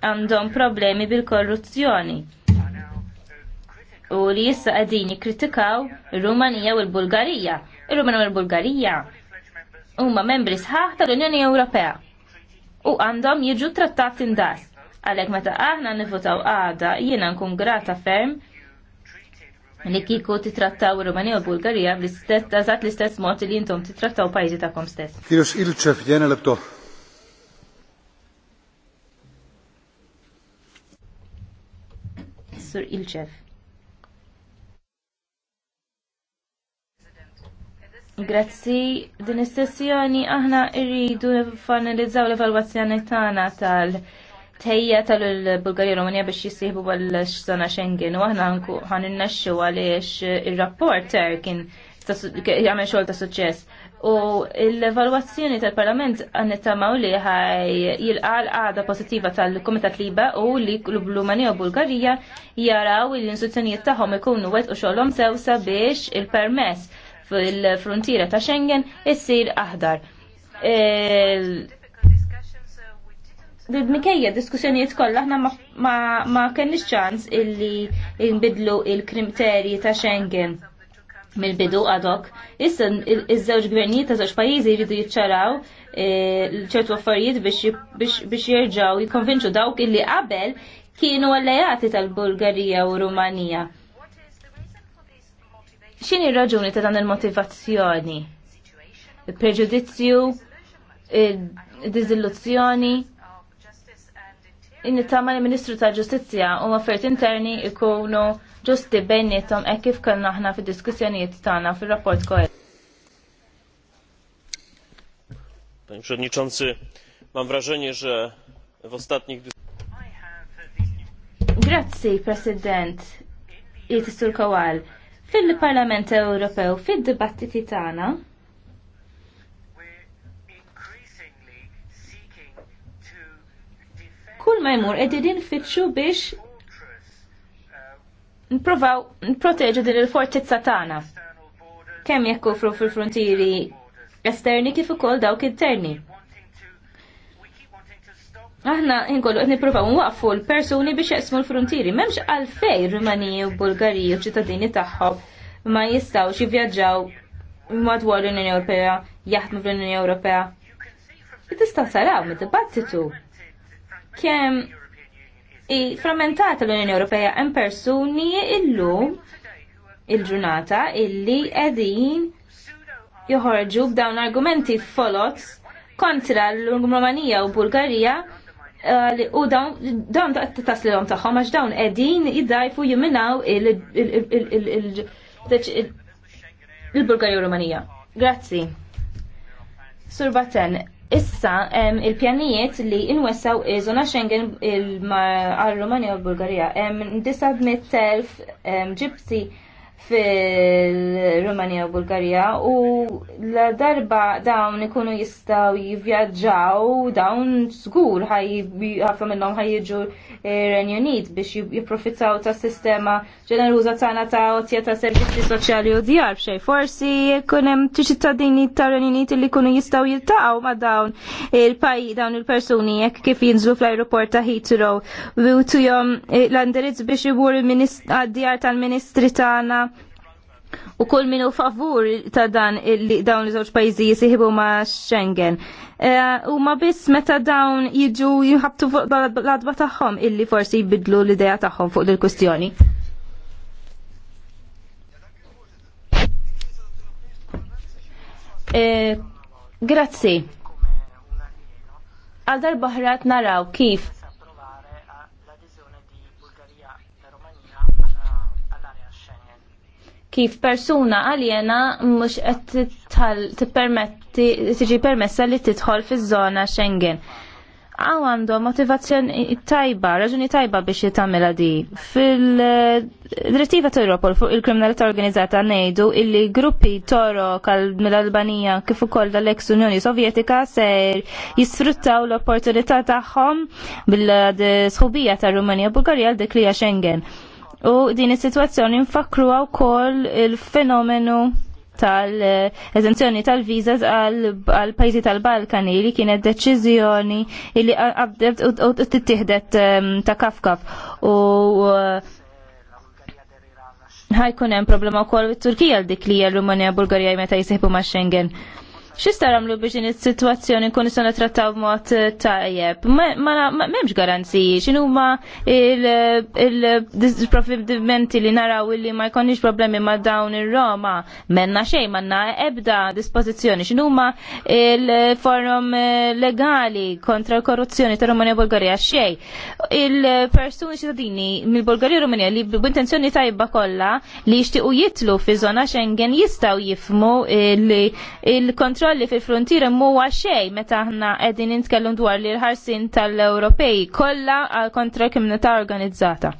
għandhom problemi bil-korruzzjoni. U li jissa qegħdin jikkritikaw ir-Rumanija u l-Bulgarija. Ir-Rumanija u l-Bulgarija huma membri sħaħ tal-Unjoni Ewropea u għandhom jiġu trattati indas. Għalhekk meta aħna nifutaw għada jiena nkun grata ferm li kiko titrattaw Rumania u Bulgarija bl-istess eżatt l-istess mod li intom titrattaw pajjiżi kom stess. Kirux il-ċef jena l-ebto. Sur il-ċef. Grazzi din is aħna irridu fanalizzaw l-evalwazzjoni tagħna tal- tejja tal-Bulgarija Romania biex jisieħbu għal-sena Schengen u aħna ħan innexxu għaliex ir-rapporter kien jagħmel xogħol ta' suċċess. U l-evalwazzjoni tal-Parlament nittamaw li ħaj jilqal għada pozittiva tal-Komitat Liba u li l-Rumanija u Bulgarija jaraw l-istituzzjonijiet tagħhom ikunu wet u xogħolhom sew sabiex il-permess fil-frontiera ta' Schengen issir aħdar e, Mikkejja diskussjonijiet kollha aħna ma kenniex ċans illi nbidlu il-kriterji ta' Schengen mill-bidu għadok. Issa iż-żewġ gvernijiet ta' żewġ pajjiżi jridu jiċċaraw eh, ċertu affarijiet biex jerġgħu jikkonvinċu dawk illi qabel kienu allejati tal-Bulgarija u Rumanija. X'inhi r-raġuni ta' dan il-motivazzjoni? Il-preġudizzju, il-diżilluzzjoni, Nittama li Ministru ta' Ġustizzja u affarijiet interni ikunu ġusti bejniethom hekk kif kellna aħna fid-diskussjonijiet tagħna fir-rapport koel. Panie Przewodniczący, mam wrażenie, że w ostatnich Grazzi, President, jitistur kowal. Fil-Parlament Ewropew, fil-dibattiti tagħna, kull ma jmur qegħdin infittxu biex nprovaw nproteġu din il-fortizza tagħna. Kemm jekk kofru fil-frontieri esterni kif ukoll dawk interni. Aħna inkollu qed nippruvaw nwaqfu l-persuni biex jaqsmu l-frontieri, m'hemmx għalfejn Rumaniji u Bulgariji u ċittadini tagħhom ma jistgħux jivvjaġġaw madwar l-Unjoni Ewropea, jaħdmu fl-Unjoni Ewropea. Tista' saraw mid-dibattitu kemm i frammentata l-Unjoni Ewropea hemm persuni illum il-ġurnata illi qegħdin joħorġu b'dawn argumenti folot kontra l-Rumanija u Bulgarija eh, u dawn taslilhom tagħhom għax dawn qegħdin jiddajfu jiminaw il-Bulgarija u Rumanija. Grazzi. Sur Batten, Issa il-pjanijiet li inwessaw iżona Schengen il romania u l-Bulgarija. Disa mit-telf ġibsi fil-Rumanija u Bulgarija u la darba dawn ikunu jistaw jivjaġġaw dawn zgur ħafna minnhom ħajjiġu eh, Renjonit biex jipprofittaw ta' sistema ġeneruża tagħna ta' otja ta' servizzi soċjali u djar b'xej. Forsi jkun hemm ċittadini ta' Renjonit li jkunu jistgħu jiltaqgħu ma' dawn il-pajji dawn il-persuni jekk kif jinżlu fl aeroport ta' Heathrow u tujom eh, l-andiriz biex jibur għad-djar tal-ministri tagħna u kull minu favur ta' dan li dawn li żewġ pajjiżi jisihibu ma' Schengen. E, u ma' biss meta dawn jiġu jħabtu fuq l-adba tagħhom illi forsi jbidlu l-idea tagħhom fuq il-kustjoni. E, grazzi. Għal darba ħrat naraw kif kif persuna għaljena mhux qed tippermetti tiġi permessa li tidħol fiż-żona Schengen. Għaw għandu motivazzjoni tajba, raġuni tajba biex jitamela di. Fil-direttiva ta' Europol fuq il-kriminalità organizzata nejdu illi gruppi toro kal mill-Albanija kif ukoll dal-ex Unjoni Sovjetika se jisfruttaw l-opportunità tagħhom bil-sħubija ta' Rumanija Bulgarija dik li Schengen U din is-sitwazzjoni nfakru wkoll il-fenomenu tal-eżenzjoni tal-vizas għal pajzi tal-Balkani li kienet deċiżjoni li għabdet u t-tihdet ehm, ta' kafkaf. U ħajkun hemm problema wkoll it-Turkija l dik li hija Rumanija Bulgarija meta jisieħbu ma' Schengen. Xista ramlu biex din is-sitwazzjoni nkunu sena trattaw b'mod eh, tajjeb? Ma m'hemmx garanziji, x'inhu ma il-provvedimenti li naraw illi ma jkunniex problemi ma' dawn ir-Roma. Menna xejn manna ebda dispożizzjoni x'inhu ma il-forum eh, legali kontra l-korruzzjoni ta' Rumunija Bulgarija xej. Il-persuni ċittadini mill-Bulgarija Rumunija li b'intenzjoni tajba kollha li jixtiequ jitlu fi żona Schengen jistgħu jifmu il-kontroll kontrolli fil-frontier muwa xej meta aħna qegħdin nitkellem dwar li l-ħarsin tal-Ewropej kollha għal kontra kriminalità organizzata.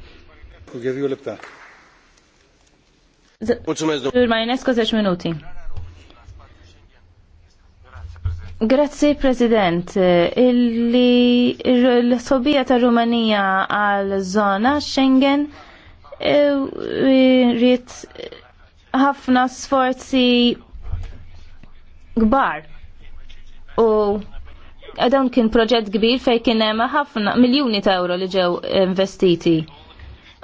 Grazie President, illi l-sobija ta' Rumanija għal zona Schengen e, e, rrit ħafna sforzi kbar. U dawn kien proġett kbir fej kien hemm ħafna miljuni ta' euro li ġew investiti.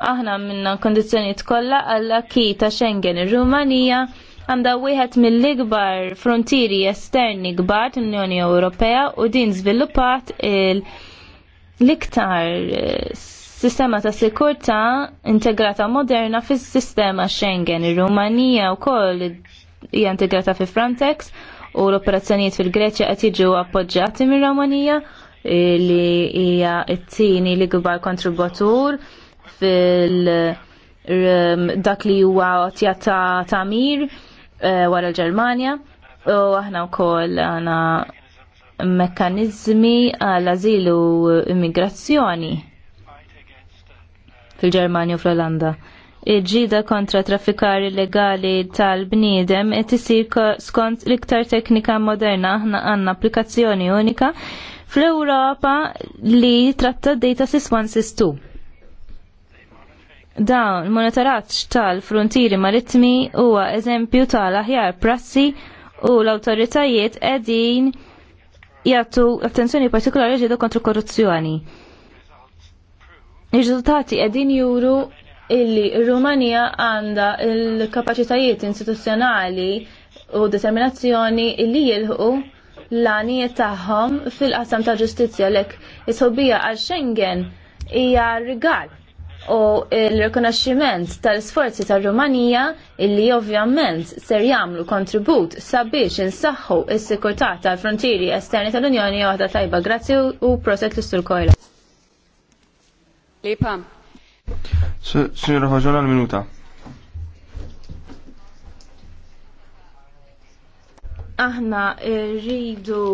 Aħna minna kondizzjonijiet kollha għalla ki ta' Schengen ir-Rumanija għandha wieħed mill-ikbar frontieri esterni kbar tal-Unjoni Ewropea u din żviluppat l-iktar eh, sistema ta' sikurta integrata moderna fis sistema Schengen. Ir-Rumanija wkoll hija integrata fi Frontex u l-operazzjonijiet fil-Greċja qed jiġu appoġġjati mir-Romanija eh, li hija t-tieni li kbar kontributur fil dak li huwa tjata tamir eh, wara l-Ġermanja u aħna wkoll għana mekkanizmi għal-azilu immigrazzjoni fil-Ġermanja u fl-Olanda ġida kontra traffikar illegali tal-bniedem qed isir skont l-iktar teknika moderna aħna għandna applikazzjoni unika fl-Ewropa li tratta data siswan sistu. Dawn monitoraġġ tal frontiri maritmi huwa eżempju tal-aħjar prassi u l-awtoritajiet qegħdin jagħtu attenzjoni partikolari ġieda kontra korruzzjoni. Ir-riżultati qegħdin juru illi Rumanija għanda il-kapacitajiet istituzzjonali u determinazzjoni illi jilħu l-għanijiet tagħhom fil-qasam ta' ġustizzja lek is-ħobbija għal Schengen hija rigal u il-rikonoxximent tal-sforzi tar-Rumanija illi ovvjament ser jagħmlu kontribut sabiex insaħħu s-sikurtà tal-frontieri esterni tal-Unjoni waħda tajba. Grazzi u prosektu sul-kojla. Lipa. Signora Fagiola, al minuta. Aħna rridu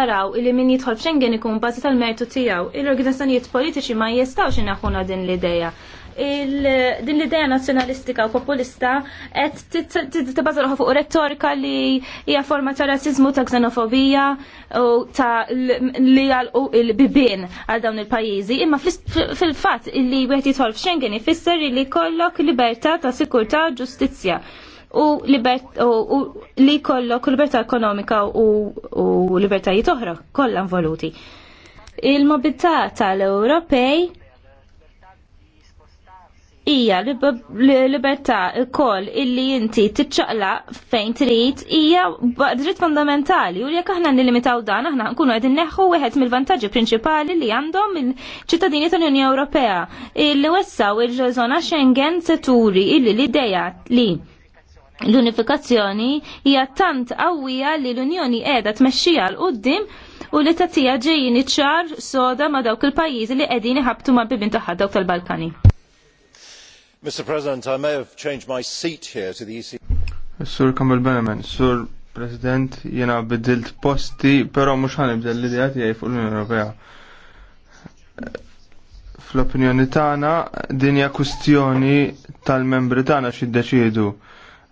naraw li min jidħol f'Schengen ikun bażi tal-mertu tiegħu. Il-organizzazzjonijiet politiċi ma jistawx inaħuna din l-idea din l-ideja nazjonalistika u populista qed tibbaża fuq retorika li hija forma ta' rasizmu ta' xenofobija u ta' li għalqu il-bibien għal dawn il-pajjiżi. Imma fil-fatt li wieħed jidħol f'Schengen ifisser li kollok libertà ta' sikurtà u ġustizzja u, li kollok libertà ekonomika u, u libertajiet oħra kollha involuti. Il-mobilità tal-Ewropej hija libertà ukoll illi inti tiċċaqla fejn trid hija dritt fundamentali u jekk aħna nilimitaw dan aħna nkunu qegħdin neħħu wieħed mill-vantaġġi prinċipali li għandhom il-ċittadini tal-Unjoni Ewropea illi wessaw il-żona Schengen seturi illi l-idea li l-unifikazzjoni hija tant qawwija li l-Unjoni qiegħda tmexxija l qudiem u li tagħtiha ġejjin iċ-ċar soda ma' dawk il-pajjiżi li qegħdin iħabtu ma' bibin tagħha dawk tal-Balkani. Mr. President, I may have changed my seat here to the EC. Sur Kamal Benemen, Sur President, jena bidilt posti, pero mux ħanibdel l-idea tiegħi fuq l-Unjoni Ewropea. Fl-opinjoni tagħna din hija kwistjoni tal-membri tagħna x'iddeċiedu.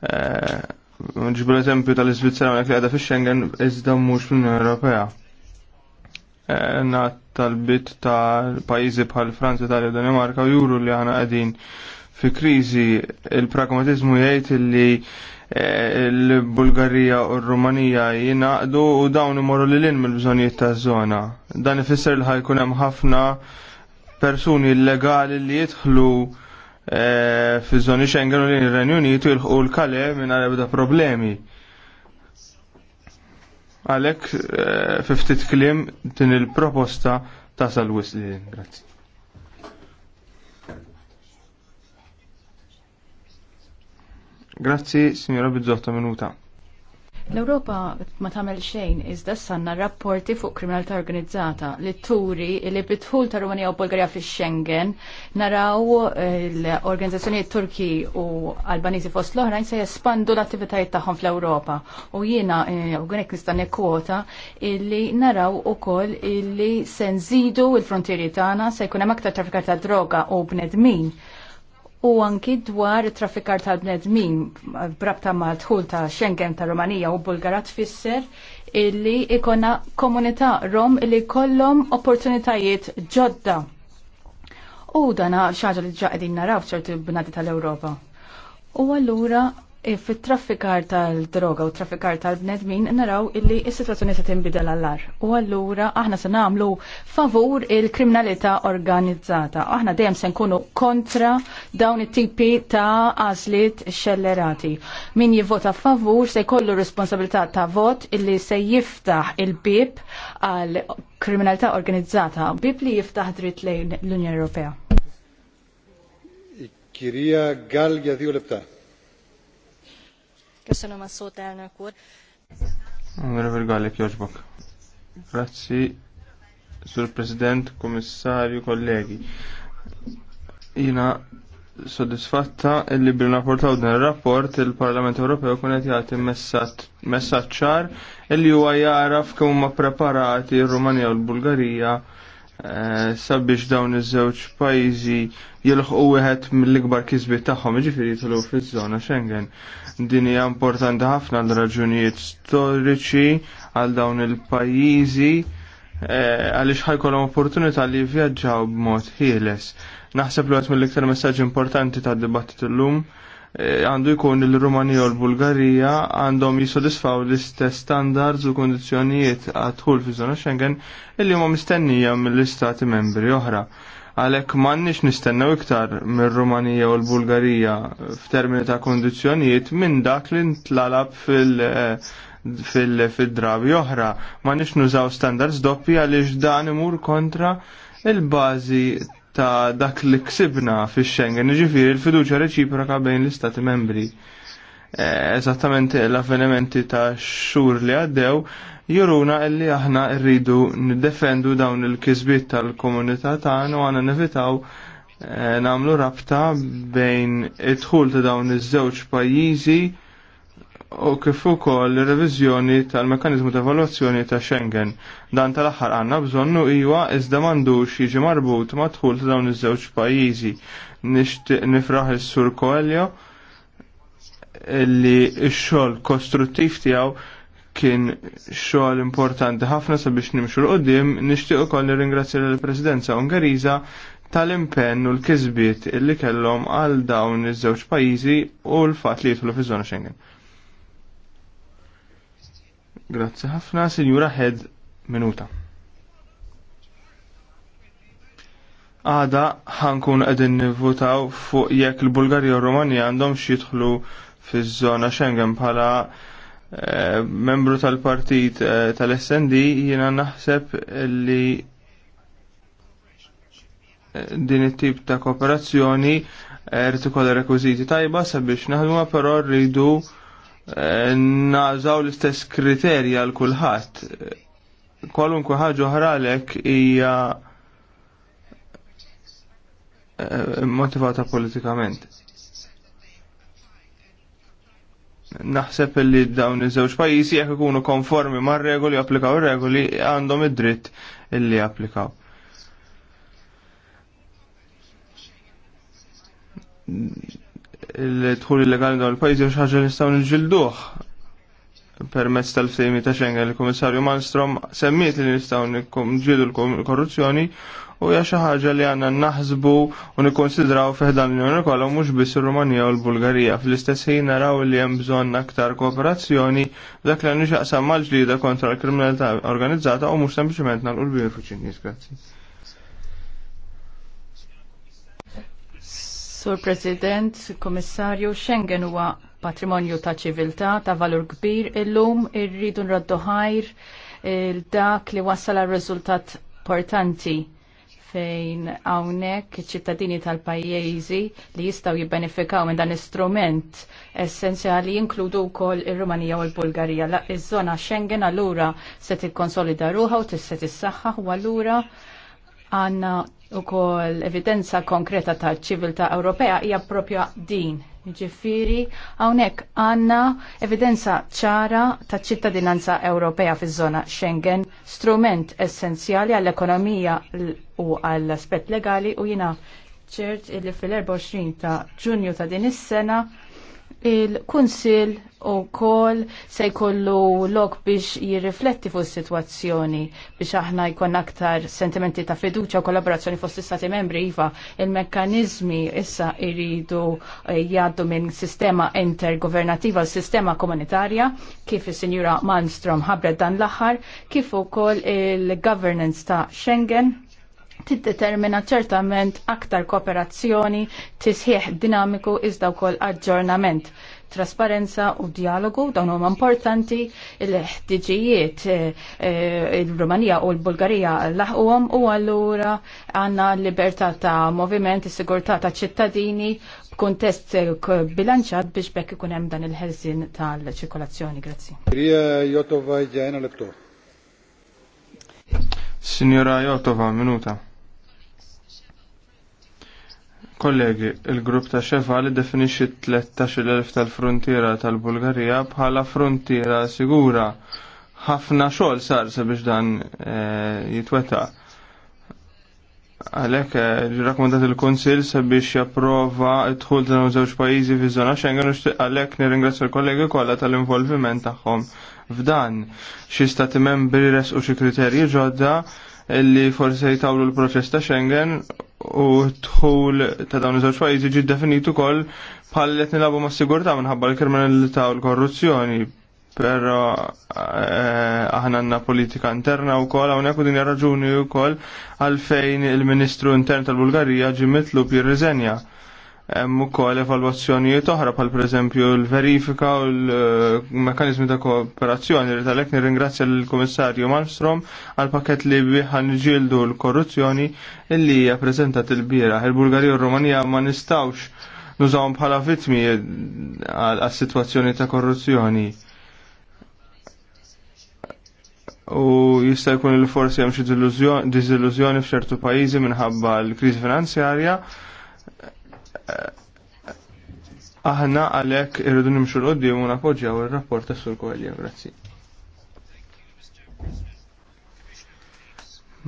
Eh, Ġibu l-eżempju tal-Iżvizzera hawnhekk li qiegħda fix-Schengen iżda mhux fl-Unjoni Ewropea. Eh, Nat tal-bit tal-pajjiżi bħal Franza, Italja Danimarka juru li aħna qegħdin fi kriżi il-pragmatizmu jgħid li eh, l-Bulgarija u r-Rumanija jinaqdu u dawn imorru lil lin mill-bżonijiet taż-żona. Dan ifisser li ħajkun hemm ħafna persuni illegali li jidħlu eh, fi żoni Schengen u l-Renju Unitu jilħqu l-kale minn ebda problemi għalek eh, fiftit klim din il-proposta tasal wisli. Grazie. Grazzi, signora Bizzotto, minuta. L-Europa ma tagħmel xejn iżda sanna rapporti fuq kriminalità organizzata li turi li bitħul ta' Rumanija u Bulgarija fi Schengen naraw eh, l organizzazzjoni Turki u Albaniżi fost l-oħrajn se jespandu l-attivitajiet tagħhom fl-Ewropa. U jiena eh, għenek nista' nekkota illi naraw ukoll illi se nżidu l-frontieri tagħna se jkun hemm aktar traffikar ta' droga u bnedmin u anki dwar traffikar tal-bnedmin brabta ma' tħul ta' Schengen ta' Romania u Bulgara tfisser illi ikona komunità rom illi kollom opportunitajiet ġodda. U dana xaġa li ġaqedin naraw ċerti bnadi tal-Europa. U allura E, fit-traffikar tal-droga u traffikar tal-bnedmin naraw illi is-sitwazzjoni se tinbidel għallar. U allura aħna se nagħmlu favur il-kriminalità organizzata. Aħna dejjem se nkunu kontra dawn it-tipi ta' għażliet xellerati. Min jivvota favur se jkollu responsabilità ta' vot illi se jiftaħ il-bib għal kriminalità organizzata, bib li jiftaħ dritt lejn l-Unjoni Ewropea. Kirija Gal Jadiju Lepta. Köszönöm a szót, elnök úr. Grazzi, Sur President, Komissarju, kollegi. Jina soddisfatta illi bil rapportaw din il-rapport il-Parlament Ewropew kun qed jagħti messaġġ ċar illi huwa jaraf kemm huma preparati r-Rumanija u l-Bulgarija eh, sabiex dawn iż-żewġ pajjiżi jilħqu wieħed mill-ikbar kisbiet tagħhom, jiġifieri jidħlu fiż-żona Schengen. Din hija importanti ħafna għal raġunijiet storiċi għal dawn il-pajjiżi eh, għaliex ħajkolhom opportunità li jivvjaġġaw b'mod ħieles. Naħseb li mill-iktar messaġġ importanti tad-dibattit illum eh, għandu jkun il-Rumanija u l-Bulgarija għandhom jisodisfaw l-istess standards u kondizjonijiet għadħul fi zona Schengen illi huma mistennija mill-istati membri oħra għalhekk m'għandniex nistennew iktar mir-Rumanija u l-Bulgarija f'termini ta' kondizjonijiet minn dak li ntlalab fil- fil-drabi oħra. Ma nix nużaw standards doppi għaliex dan imur kontra il-bazi ta' dak li ksibna fi Schengen, ġifiri il-fiduċa reċiproka bejn l-istati membri. Eh, eżattament l-avvenimenti ta' xur li għaddew juruna illi aħna rridu niddefendu dawn il kisbiet tal-komunità tagħna u għana nevitaw eh, namlu rabta bejn id-dħul ta' dawn iż-żewġ pajjiżi u kif ukoll ir-reviżjoni tal-mekkaniżmu ta' evalwazzjoni ta' Schengen. Dan tal-aħħar għandna bżonnu iwa iżda m'għandux jiġi marbut ma' dħul ta' dawn iż-żewġ pajjiżi. Nixtieq nifraħ is-Sur Koelja li x-xogħol kostruttiv tiegħu kien xogħol importanti ħafna sabiex nimxu l-qoddim, nixtieq ukoll nirringrazzja lill-Presidenza Ungariża tal-impenn u l-kisbiet illi kellhom għal dawn iż-żewġ pajjiżi u l-fatt li jidħlu fiż-żona Schengen. Grazzi ħafna, Sinjura Head, minuta. Għada ħankun qegħdin nivvutaw fuq jekk il-Bulgarija u Romania għandhom xi jidħlu fiż-żona Schengen bħala Eh, membru tal-partit eh, tal-SND jiena naħseb li eh, din it-tip ta' kooperazzjoni rrid ikollha rekwiżiti tajba sabiex naħdmuha però rridu nażaw l-istess kriterja għal kulħadd. Kwalunkwe ħaġa oħra għalhekk hija motivata politikament. naħseb li dawn iż-żewġ pajjiżi jekk ikunu konformi mar-regoli applikaw ir-regoli għandhom id-dritt illi applikaw. Il-dħul illegali dawn il-pajjiżi xi ħaġa nistgħu niġġilduh permezz tal-ftehimi ta' Schengen il-Kummissarju Malmstrom semmiet li nistgħu nġildu l-korruzzjoni u hija xi ħaġa li għandna naħsbu u nikkonsidraw fih dan l-Unjoni kollha mhux biss ir-Rumanija u l-Bulgarija. Fl-istess ħin naraw li hemm bżonn aktar kooperazzjoni dak li jaqsam mal-ġlida kontra l-kriminalità organizzata u mhux sempliċement nagħlqu l-bini fuċinijiet. Grazzi. Sur President, Komissarju, Schengen huwa patrimonju ta' ċiviltà ta' valur kbir illum irridu nraddu ħajr il dak li wassal għal riżultat portanti fejn hawnhekk iċ-ċittadini tal-pajjiżi li jistgħu jibbenefikaw minn dan istrument essenzjali jinkludu wkoll ir-Rumanija u l-Bulgarija. Iż-żona Schengen allura se tikkonsolida ruħa u tista' tissaħħaħ u allura għandna wkoll evidenza konkreta ta' ċiviltà Ewropea hija propja din Ġifiri, għawnek għanna evidenza ċara ta' ċittadinanza Ewropea fi zona Schengen, strument essenzjali għall-ekonomija u għall-aspet legali u jina ċert li fil-24 ta' ġunju ta' din is-sena Il-Kunsil u kol se jkollu lok biex jirrifletti fuq situazzjoni biex aħna jkun aktar sentimenti ta' fiduċa u kollaborazzjoni fost istati membri iva il-mekkanizmi issa iridu eh, jgħaddu minn sistema intergovernativa l sistema komunitarja kif is-sinjura Malmstrom ħabret dan l-aħħar kif ukoll il-governance ta' Schengen tiddetermina ċertament aktar kooperazzjoni, tisħieħ dinamiku iżda wkoll aġġornament trasparenza u dialogu dawn huma importanti il-ħtiġijiet eh, eh, il-Rumanija u l-Bulgarija laħquhom u allura għandna libertà ta' moviment, is-sigurtà ta' ċittadini b'kuntest bilanċat biex bekk ikun hemm dan il-ħelsin tal-ċirkolazzjoni. Grazzi. Signora Jotova, minuta. Kollegi, il-grupp ta' xevali definixi 13.000 tal-frontiera tal-Bulgarija bħala frontiera sigura. Ħafna xogħol sar sabiex dan eh, jitweta. Għalhekk eh, rakkomandat il-Kunsill sabiex japprova dħul ta' żewġ pajjiżi fi zona Schengen u għalhekk nirringrazzja l-kollegi kollha tal-involviment tagħhom f'dan. Xi stati membri u xi kriterji ġodda li forse jtawlu l-proċess ta' Schengen u tħul ta' dawn iż-żewġ pajjiżi ġi definitu ukoll bħal qed nilagħbu ma' sigurtà minħabba l-kriminalità u l-korruzzjoni. Però eh, aħna għandna politika interna wkoll hawnhekk u din ir raġuni wkoll għalfejn il-Ministru Intern tal-Bulgarija ġi mitlu jirriżenja. riżenja hemm ukoll evalwazzjonijiet oħra pal preżempju l-verifika u l-mekkaniżmi ta' kooperazzjoni li talek nirringrazzja l-Kummissarju Malmstrom għal pakett li biħan ġildu l-korruzzjoni illi hija preżentat il-bira. Il-Bulgarija u r-Rumanija ma nistawx nużawhom bħala vittmi għas-sitwazzjoni ta' korruzzjoni. U jista' jkun il-forsi hemm xi diżillużjoni f'ċertu pajjiżi minħabba l-kriżi finanzjarja Aħna għalhekk irridu nimxu l-qoddim u napoġġjaw ir-rapport tas Sur Koelja, grazzi.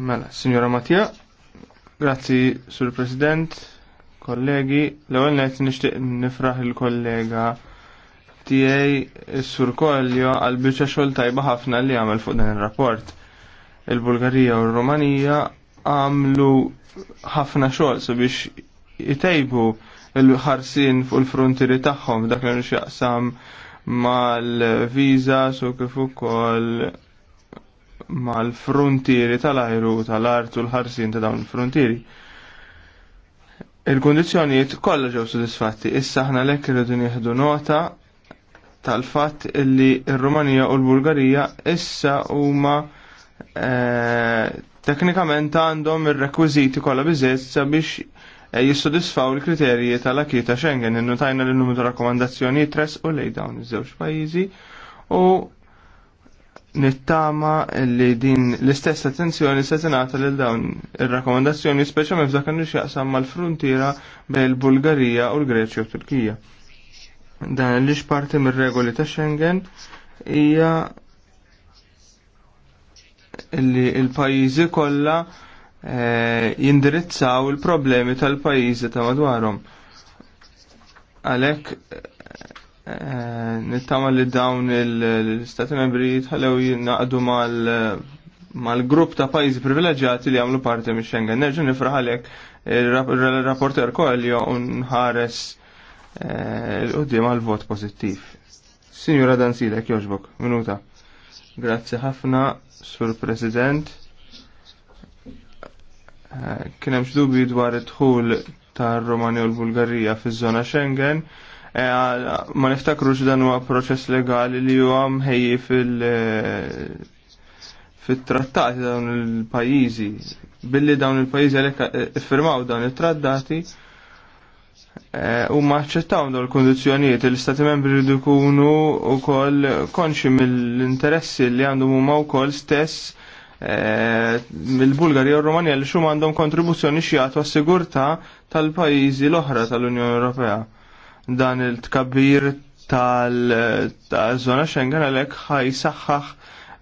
Mela, Signora Mattia, grazzi Sur President, kollegi, l-ewwel ngħid nixtieq nifraħ il-kollega tiegħi Sur Koelja għal biċċa xogħol tajba ħafna li għamel fuq dan ir-rapport. Il-Bulgarija u r-Rumanija għamlu ħafna xogħol sabiex jitejbu il-ħarsin fuq il-frontieri tagħhom dak li xjaqsam mal-viża su kif ukoll mal-frontieri tal-ajru tal-art u l-ħarsin ta' dawn il-frontieri. Il-kondizjonijiet kollha ġew sodisfatti, issa aħna lek irridu nieħdu nota tal-fatt illi r-Rumanija u l-Bulgarija issa huma eh, teknikament għandhom ir-rekwiżiti kollha biżejt sabiex E jissodisfaw il-kriterji tal akita Schengen innu tajna l-numru ta' rakkomandazzjoni tres u lej dawn iż-żewġ pajjiżi u nittama li din l-istess attenzjoni se tingħata lil dawn ir-rakkomandazzjoni speċjalment f'dak li jaqsam mal-fruntiera bejn il-Bulgarija u l-Greċja u Turkija. Dan li parti mir-regoli ta' Schengen hija li l-pajjiżi kollha Eh, jindirizzaw il-problemi tal-pajizi ta' madwarhom. Għalek eh, nittama li dawn l-Stati Membri jitħalew jinaqdu mal-grupp ta' pajizi privileġġjati li għamlu parti mix Schengen. Nerġu nifraħalek il-rapporter Koelio unħares eh, l-qoddim għal-vot pozittiv. Signora Dansilek, joġbok, minuta. Grazie ħafna, Sur President Kien hemm dubi dwar id-dħul tar-Romania u l-Bulgarija fiż-żona Schengen. E, ma niftakrux dan huwa proċess legali li huwa mħejji fil- e, fit-trattati dawn il-pajjiżi. Billi dawn il-pajjiżi għalhekk e, iffirmaw dawn it-trattati u maċċettaw dawn il-kondizjonijiet l-istati membri jridu u wkoll konxi mill-interessi li għandhom huma wkoll stess Eh, mill-Bulgarija u Rumanija li xum għandhom kontribuzzjoni xjatu għas-sigurtà tal-pajjiżi l-oħra tal-Unjoni Ewropea. Dan il-tkabbir tal-żona Schengen għalhekk ħajsaħħaħ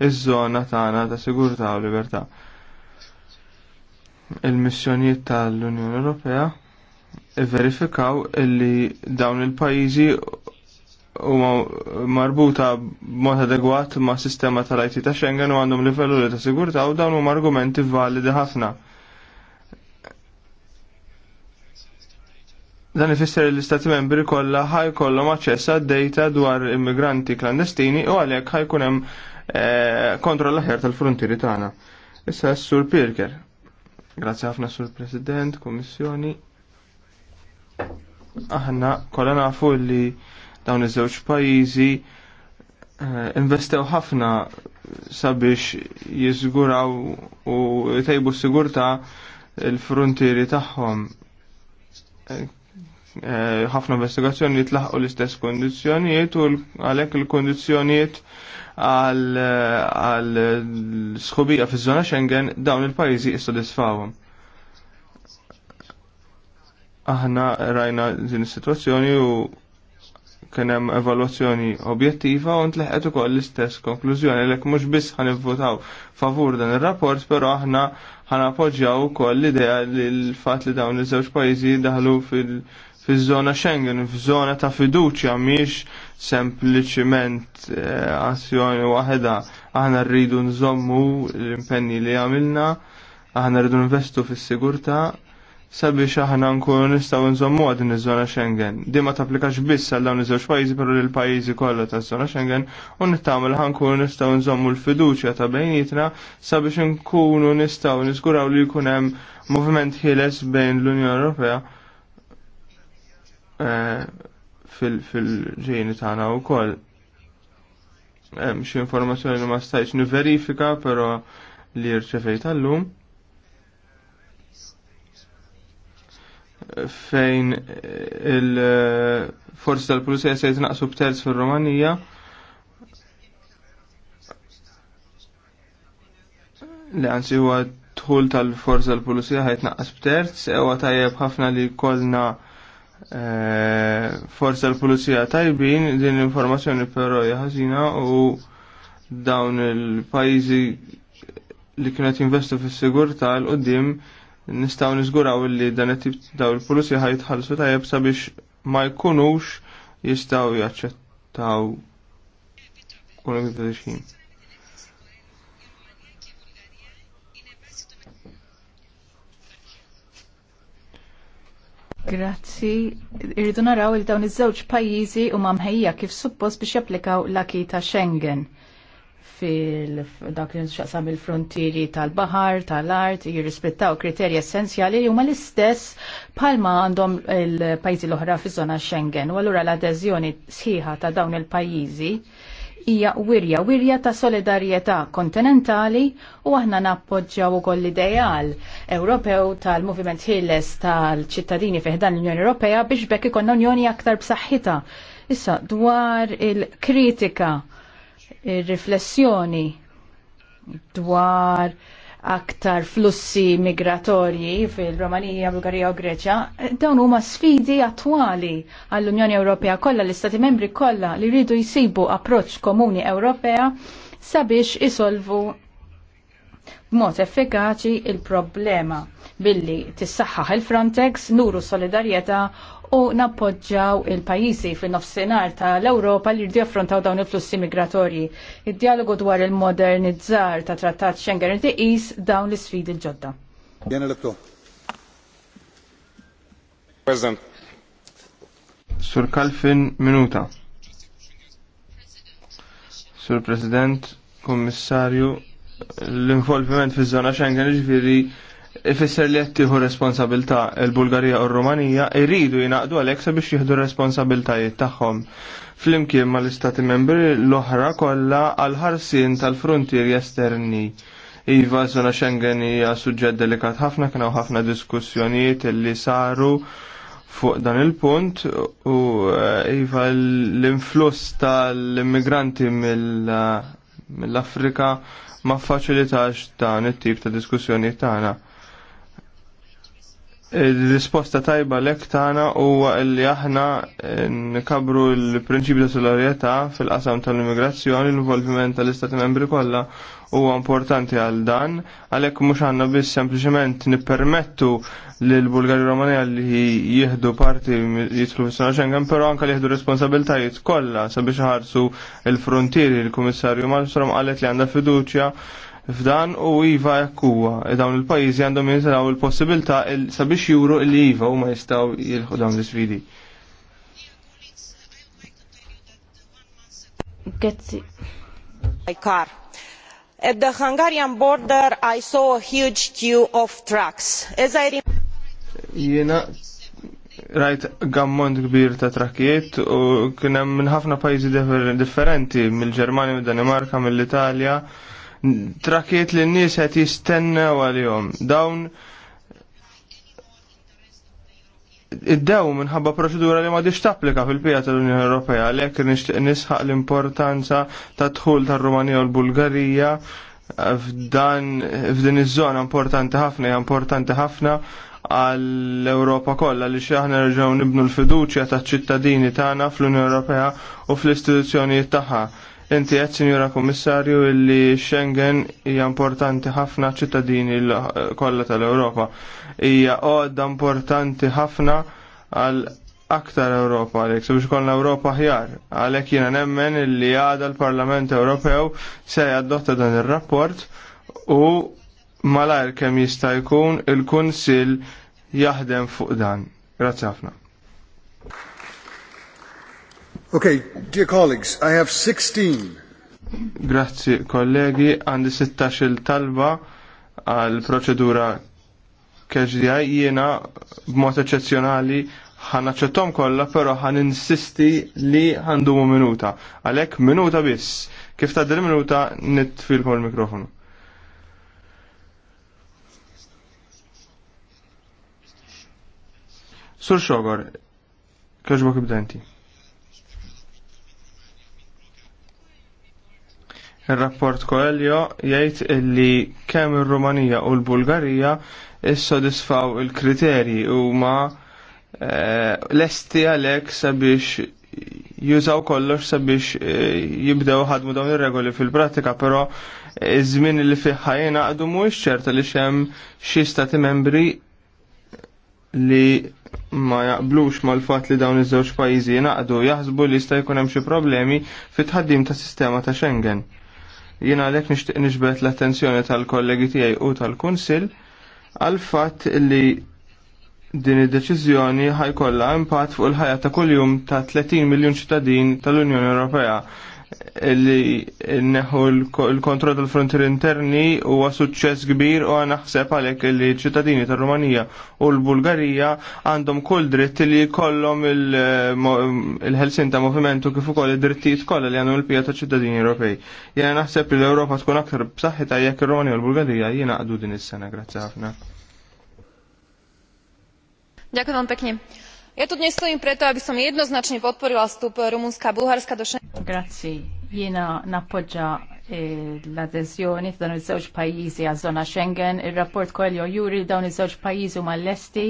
iż-żona tagħna ta' sigurtà u libertà. Il-missjonijiet tal-Unjoni Ewropea verifikaw illi dawn il-pajjiżi huma marbuta b'mod adegwat ma' sistema tal-IT ta' Schengen u għandhom livelluri ta' sigurtà u dawn huma argumenti validi ħafna. Dan ifisser li l-Istati membri kollha ħajkollhom aċċess għad-dejta dwar immigranti klandestini u għalhekk ħajkun hemm eh, kontroll aħjar tal-frontieri tagħna. Issa s-Sur Pirker. Grazzi ħafna Sur President, Kummissjoni. Aħna kollha nafu li dawn iż-żewġ pajjiżi eh, investew ħafna sabiex jiżguraw u jtejbu s-sigurtà l-frontieri tagħhom. Eh, eh, ħafna investigazzjoni tlaħqu l-istess kondizjonijiet u għalhekk il-kondizzjonijiet għal sħubija fi żona Schengen dawn il-pajjiżi jissodisfawhom. Aħna rajna din is-sitwazzjoni u kien hemm evalwazzjoni objettiva u ntleħqet ukoll l-istess konklużjoni lek mhux biss ħanivvotaw favur dan ir-rapport, però aħna ħanappoġġjaw ukoll l-idea li l-fatt li dawn iż-żewġ pajjiżi daħlu fiż-żona Schengen, f'żona ta' fiduċja miex sempliċiment eh, azzjoni waħda aħna rridu nżommu l-impenni li għamilna, aħna rridu investu fis-sigurtà sabiex aħna nkunu nistgħu nżommu din iż-żona Schengen. Dima ma tapplikax biss għal dawn iż-żewġ pajjiżi l-pajizi pajjiżi kollha taż-żona Schengen u ħan nkunu nistgħu nżommu l-fiduċja ta' bejnietna sabiex nkunu nistgħu niżguraw li jkun hemm moviment ħieles bejn l-Unjoni Ewropea eh, fil-ġejni tagħna wkoll. Hemm xi informazzjoni li ma stajtx niverifika però li rċevejt għallum. lum fejn eh, il-forzi eh, tal-pulizija se jitnaqsu b'terz fil-Romanija. Li għansi huwa tħul tal-forzi tal-pulizija ħajtnaqqas b'terz, ewa tajjeb ħafna li kolna eh, forza tal pulizija tajbin, din l-informazzjoni però jħazina u dawn il-pajzi li kienet investu fis-sigurtà l-qoddim nistaw nizguraw li dan it-tip daw il-pulizija jitħallsu tajjeb sabiex ma jkunux jistaw jaċċettaw kunu bidilxin. Grazzi. Irridu naraw il dawn iż-żewġ pajjiżi u mamħejja kif suppost biex japplikaw l-akita Schengen fil-dak li nxaqsam il-frontieri tal-bahar, tal-art, jirrispettaw kriterji essenzjali li huma l-istess palma għandhom il-pajzi l-oħra fi zona Schengen. U allura l-adeżjoni sħiħa ta' dawn il-pajjiżi hija wirja, wirja ta' solidarjetà kontinentali u aħna nappoġġjaw ukoll l-ideal Ewropew tal-Moviment Hilles tal-ċittadini fiħdan l-Unjoni Ewropea biex bekk ikonna Unjoni aktar b'saħħitha. Issa dwar il-kritika riflessjoni dwar aktar flussi migratorji fil-Romanija, Bulgarija u Greċja, dawn huma sfidi attwali għall-Unjoni Ewropea kollha l-Istati Membri kollha li rridu jsibu approċċ komuni Ewropea sabiex isolvu b'mod effikaċi il-problema billi tissaħħaħ il-Frontex, nuru solidarjetà u nappoġġaw il-pajjiżi fin-nofsinhar tal-Ewropa li jridu jaffrontaw dawn il-flussi migratorji. Id-dialogu dwar il-modernizzar ta' Trattat Schengen irid iqis dawn l-isfidi l-ġodda. President. Sur Kalfin, minuta. Sur President, Kommissarju, l-involviment fi zona Schengen ġifiri ifisser li qed tieħu responsabilità l-Bulgarija u r-Rumanija jridu jingħaqdu għalhekk sabiex jieħdu responsabiltajiet tagħhom. Flimkien mal-istati membri l-oħra kollha għal ħarsien tal-frontieri esterni. Iva żona Schengen hija suġġett delikat ħafna kien hawn ħafna diskussjonijiet li saru fuq dan il-punt u eh, iva l-influss tal-immigranti mill-Afrika ma faċilitax dan it-tip ta' diskussjoni tagħna risposta tajba lek tagħna huwa li aħna eh, nkabru l-prinċipju ta' solidarjetà fil-qasam tal-immigrazzjoni l-involviment tal-istati membri kollha huwa importanti għal dan għalhekk mhux għandna biss sempliċement nippermettu lil bulgari Romani li jieħdu parti jidħlu fis-sena Schengen però anke li jieħdu responsabiltajiet kollha sabiex ħarsu l-frontieri l-Kummissarju Malmstrom qalet li għandha fiduċja f'dan u iva jakkuwa. E dawn il-pajizi għandhom jinżaraw il-possibilta sabiex juru il-iva u ma jistaw jilħu dawn l-sfidi. Grazzi. Kar. At the Hungarian border I saw a huge queue of trucks. As I Jena rajt gammont kbir ta' trakkiet u kienem minn ħafna pajjiżi differenti mill-Ġermanja, mill-Danimarka, mill-Italja trakiet li n-nies qed jistennew għalihom. Dawn id-dew minħabba proċedura li ma tapplika fil-bija tal-Unjoni Ewropea, għalhekk nixtieq nisħaq l-importanza ta' dħul tar-Rumanija u l-Bulgarija f'dan f'din iż-żona importanti ħafna hija importanti ħafna għall-Ewropa kollha li xi aħna nerġgħu nibnu l-fiduċja taċ-ċittadini tagħna fl-Unjoni Ewropea u fl-istituzzjonijiet tagħha. Inti għed, Signora Kommissarju, li Schengen hija importanti ħafna ċittadini kollha tal-Ewropa. Hija għodda importanti ħafna għal aktar Ewropa għalek, sabiex l Ewropa ħjar. Għalhekk jiena nemmen illi għada l-Parlament Ewropew se jaddotta dan ir-rapport u malajr kemm jista' jkun il-Kunsill jaħdem fuq dan. Grazzi ħafna. Okay, dear colleagues, I have 16. Grazzi kollegi, għandi 16 il-talba għal proċedura KGI jiena b'mod eċezzjonali ħanaċċettom kollha però ħan insisti li għandumu minuta. Għalhekk minuta biss. Kif ta' il minuta nitfilkom il-mikrofonu. Sur xogor, kħaxbok ibdenti. Il-rapport Coelho jgħid li kemm ir-Rumanija u l-Bulgarija issodisfaw il-kriterji u ma eh, lesti għalek sabiex jużaw kollox sabiex eh, jibdew ħadmu dawn ir-regoli fil-pratika, però iż-żmien li fih ħajjin għadu mu ċerta li xem xi stati membri li ma jaqblux mal-fat li dawn iż-żewġ pajjiżi naqdu jaħsbu li jista' jkun hemm xi problemi fit-tħaddim tas-sistema ta' Schengen. Jina għalek nishtiq nixbet l-attenzjoni tal-kollegi tijaj u tal-Kunsil għal-fat li din id-deċizjoni ħajkolla impatt fuq il-ħajja ta' kuljum ta' 30 miljun ċittadin tal-Unjoni Ewropea li neħu l kontrol tal-frontier interni huwa suċċess kbir u naħseb għalhekk li ċittadini tar-Rumanija u l-Bulgarija għandhom kull dritt li jkollhom il-ħelsin ta' movimentu kif ukoll id-drittijiet kollha li għandhom il-pija ta' ċittadini Ewropej. Jiena naħseb li l-Ewropa tkun aktar b'saħħitha jekk ir-Rumanija u l-Bulgarija jiena jingħaqdu din is-sena. Grazzi ħafna. Ďakujem pekne. Ja tu dnes stojím preto, aby som jednoznačne podporila vstup Rumunska a Bulharska do Schengen. Grazzi. Jiena nappoġġa eh, l-adeżjoni f'dan iż-żewġ pajjiżi għaż-żona Schengen. Ir-rapport kollu juri dawn iż-żewġ pajjiżi huma lesti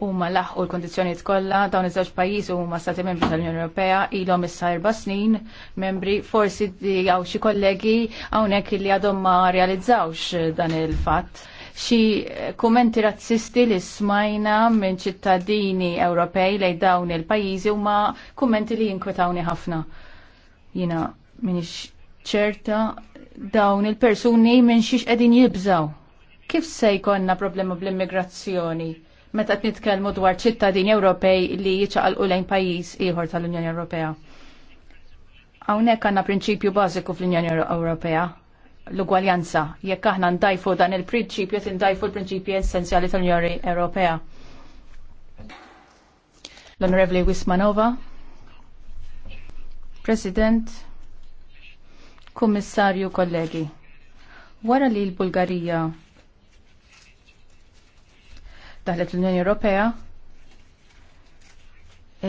huma laħqu l-kondizzjonijiet kollha dawn iż-żewġ pajjiżi huma stati membri tal-Unjoni Ewropea ilhom issa erba' snin membri forsi hawn xi kollegi hawnhekk li għadhom ma realizzawx dan il-fatt xi kummenti razzisti li smajna minn ċittadini Ewropej lejn dawn il-pajjiżi huma kummenti li jinkwetawni ħafna. Jiena minn ċerta dawn il-persuni minn xiex qegħdin jibżaw. Kif se jkollna problema bl-immigrazzjoni? meta nitkellmu dwar ċittadini Ewropej li jiċaqalqu lejn pajjiż ieħor tal-Unjoni Ewropea. Hawnhekk għandna prinċipju bażiku fl-Unjoni Ewropea l-ugwaljanza. Jekk aħna ndajfu dan il-prinċipju, tindajfu l-prinċipju essenzjali tal-Unjoni Ewropea. L-Onorevoli Wismanova, President, Kummissarju, kollegi. Wara li l-Bulgarija daħlet l-Unjoni Ewropea,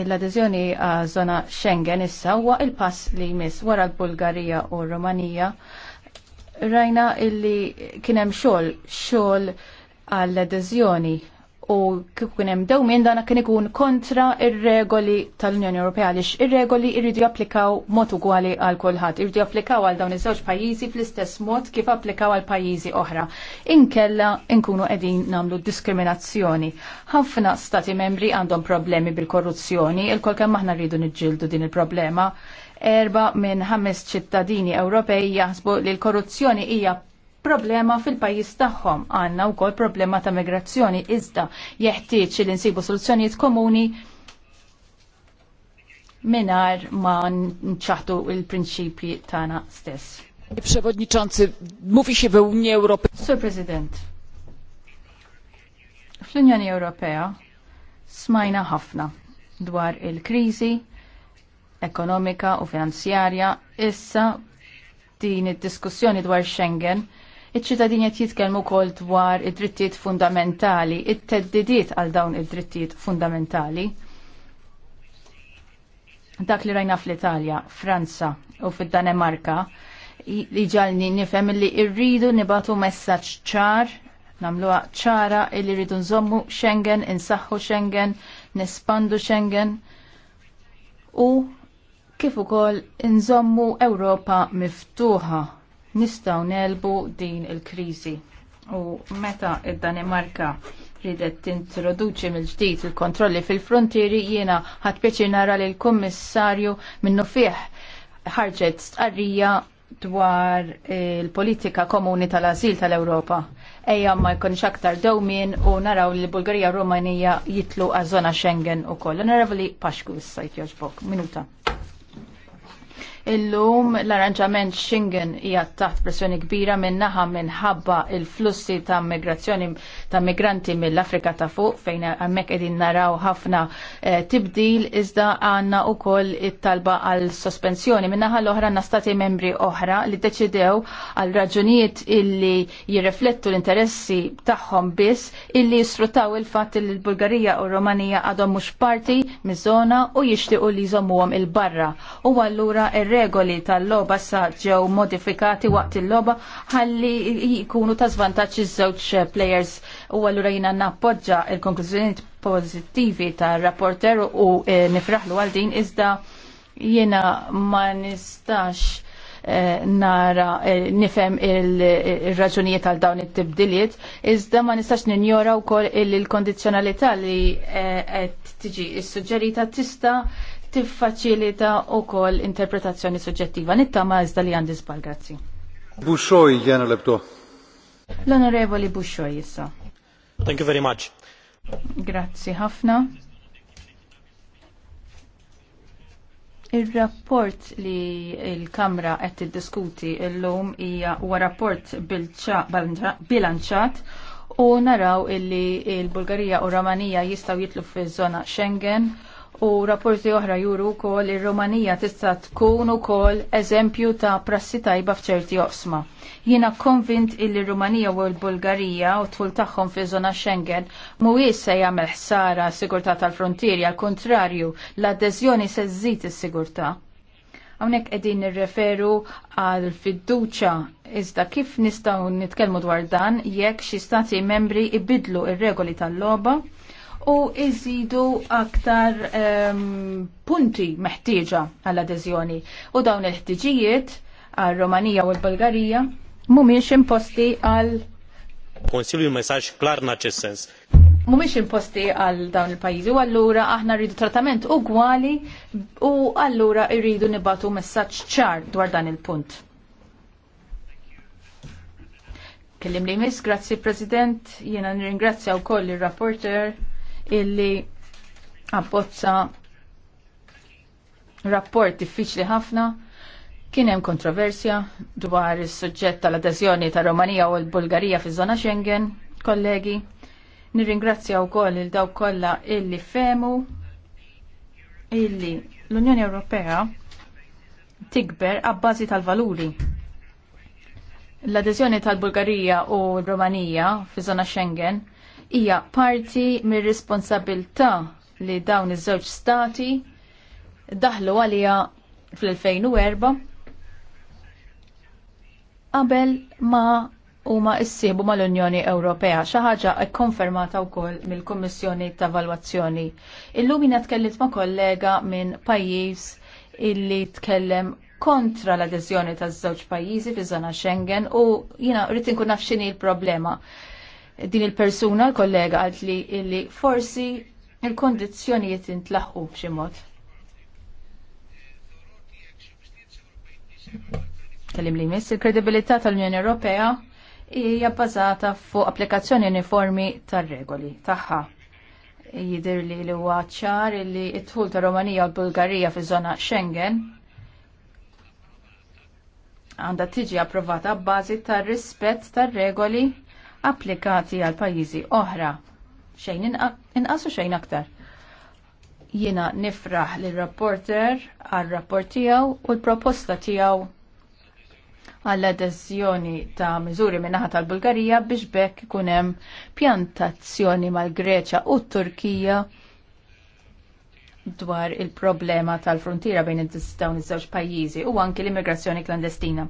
l-adeżjoni għaż-żona Schengen issa huwa il-pass li jmiss wara l-Bulgarija u r-Rumanija rajna illi kienem xol, xol għall-adezjoni u kienem daw hemm dana kien ikun kontra ir-regoli tal-Unjoni Ewropea għaliex ir-regoli jridu japplikaw mod ugwali għal kulħadd, irridu japplikaw għal dawn iż-żewġ pajjiżi fl-istess mod kif applikaw għal pajjiżi oħra. Inkella nkunu qegħdin nagħmlu diskriminazzjoni. Ħafna stati membri għandhom problemi bil-korruzzjoni, il-kol kemm aħna rridu niġġieldu din il-problema erba minn ħames ċittadini Ewropej jaħsbu li l-korruzzjoni hija problema fil-pajis tagħhom għandna wkoll problema ta' migrazzjoni iżda jeħtieġ li nsibu soluzzjonijiet komuni minar ma nċaħtu il-prinċipji tagħna stess. Przewodniczący, mówi się w Unii Europejskiej. Sir President, fl-Unjoni Ewropea smajna ħafna dwar il-kriżi, ekonomika u finanzjarja, issa din id-diskussjoni dwar Schengen, iċ ċittadin qed jitkellmu wkoll dwar id-drittijiet fundamentali, it-teddidiet għal dawn id-drittijiet fundamentali. Dak li rajna fl-Italja, Franza u fid-Danemarka, li ġalni nifhem li rridu nibatu messaġġ ċar namluha ċara li rridu nżommu Schengen, insaħħu Schengen, nespandu Schengen u kif ukoll inżommu Ewropa miftuħa nistgħu nelbu din il-kriżi. U meta id-Danimarka ridet tintroduċi mill-ġdid il-kontrolli fil-frontieri jiena ħadd pjaċir nara li l-Kummissarju minnu fih ħarġet stqarrija dwar il-politika komuni tal-azil tal-Ewropa. Ejja ma jkunx aktar dewmien u naraw li Bulgarija u Rumanija jitlu għaż-żona Schengen u koll. Naravli Paxku s-sajt joġbok. Minuta. Illum l-arranġament Schengen hija taħt pressjoni kbira minnaħa minħabba il-flussi ta' migrazzjoni ta' migranti mill-Afrika ta' fuq fejn hemmhekk qegħdin naraw ħafna eh, tibdil iżda għandna wkoll it-talba għal sospensjoni. Minnaħa l-oħra għandna stati membri oħra li deċidew għal raġunijiet illi jirriflettu l-interessi tagħhom biss illi jisfruttaw il-fatt li l-Bulgarija u Romanija għadhom mhux parti miż-żona u jixtiequ li jżommuhom il-barra. U allura regoli tal-logħba sa ġew modifikati waqt il-logħba ħalli jkunu ta' żvantaġġ iż-żewġ eh, plejers u allura jiena nappoġġa il-konklużjonijiet pożittivi tar-rapporter u eh, nifraħlu għal din iżda jiena ma nistax eh, nara nifem il-raġunijiet għal dawn it-tibdiliet, iżda ma nistax ninjora wkoll il-kondizzjonalità li qed tiġi is-suġġerita tista' tiffaċilita wkoll interpretazzjoni suġġettiva. Nittama iżda li għandi żball, grazzi. Buxoj, jena lebto. L-Onorevoli Buxoj, issa. Thank you very much. Grazzi ħafna. Il-rapport li il-Kamra qed tiddiskuti llum hija huwa rapport bilanċat u naraw illi il-Bulgarija u Romanija jistgħu jitlu fiż-żona Schengen u rapporti oħra juru wkoll il rumanija tista' tkun ukoll eżempju ta' prassi tajba f'ċerti osma. Jiena konvint il rumanija u l-Bulgarija u tful tagħhom fi żona Schengen mhuwiex se jagħmel ħsara sigurtà tal-frontieri, al kontrarju l adezjoni se żżid is-sigurtà. Hawnhekk qegħdin nirreferu għal fiduċa iżda kif nistgħu nitkellmu dwar dan jekk xi stati membri ibidlu ir-regoli tal-logħba u iżidu aktar um, punti meħtieġa għall-adeżjoni. U dawn il-ħtiġijiet għal Romanija u l-Bulgarija mumiex imposti għal Konsilju messaġġ klar naċessens. sens. Mumiex imposti għal dawn il-pajjiżi u allura aħna rridu trattament ugwali u allura rridu nibatu messaġġ ċar dwar dan il-punt. Kellim li miss, grazzi President, jena nirringrazzja u koll il-rapporter illi abbozza rapport diffiċli ħafna Kien hemm kontroversja dwar is-suġġett tal-adeżjoni ta' Romania u l-Bulgarija fi żona Schengen, kollegi. Nirringrazzja wkoll il dawk kollha illi femu illi l-Unjoni Ewropea tikber għabbażi tal-valuri. L-adeżjoni tal-Bulgarija u l romania fi żona Schengen hija parti mir-responsabilità li dawn iż-żewġ stati daħlu għalija fl-2004 qabel ma huma issibu mal-Unjoni Ewropea xi ħaġa kkonfermata wkoll mill-Kummissjoni ta' Valwazzjoni. Illum jiena tkellimt ma' kollega minn pajjiż illi tkellem kontra l-adeżjoni taż żewġ pajjiżi fiż-żona Schengen u jiena rrid inkun naf x'inhi l-problema din il-persuna, l-kollega, għalt li illi forsi il-kondizjonijiet intlaħqu b'xi mod. Kellim li miss, il-kredibilità tal-Unjoni Ewropea hija bbażata fuq applikazzjoni uniformi tar-regoli tagħha. Jidir li li huwa ċar li t-tħul ta' Romanija u l-Bulgarija fi żona Schengen għandha tiġi approvata bbażi tar-rispett tar-regoli applikati għal pajjiżi oħra xejn inqas u xejn aktar. Jiena nifraħ lir rapporter għal rapport tiegħu u l-proposta tiegħu għall adeżjoni ta' miżuri minnaħa tal-Bulgarija biex bekk ikun hemm pjantazzjoni mal-Greċja u t-Turkija dwar il-problema tal-frontiera bejn dawn iż-żewġ pajjiżi u anki l-immigrazzjoni klandestina.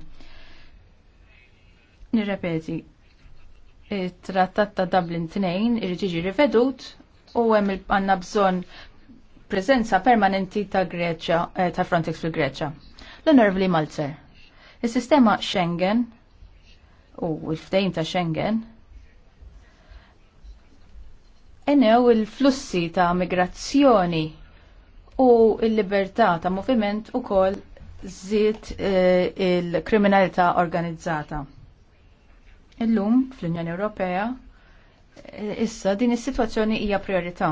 Nirrepeti, it-trattat ta' Dublin 2 irid jiġi rivedut u hemm għandna bżonn preżenza permanenti ta' Greċja eh, ta' Frontex fil-Greċja. L-Onorevoli Malzer. Is-sistema Schengen u l-ftejn ta' Schengen enew il-flussi ta' migrazzjoni u il-libertà ta' moviment u kol zid eh, il-kriminalità organizzata. Illum fl-Unjoni Ewropea eh, issa din is-sitwazzjoni hija priorità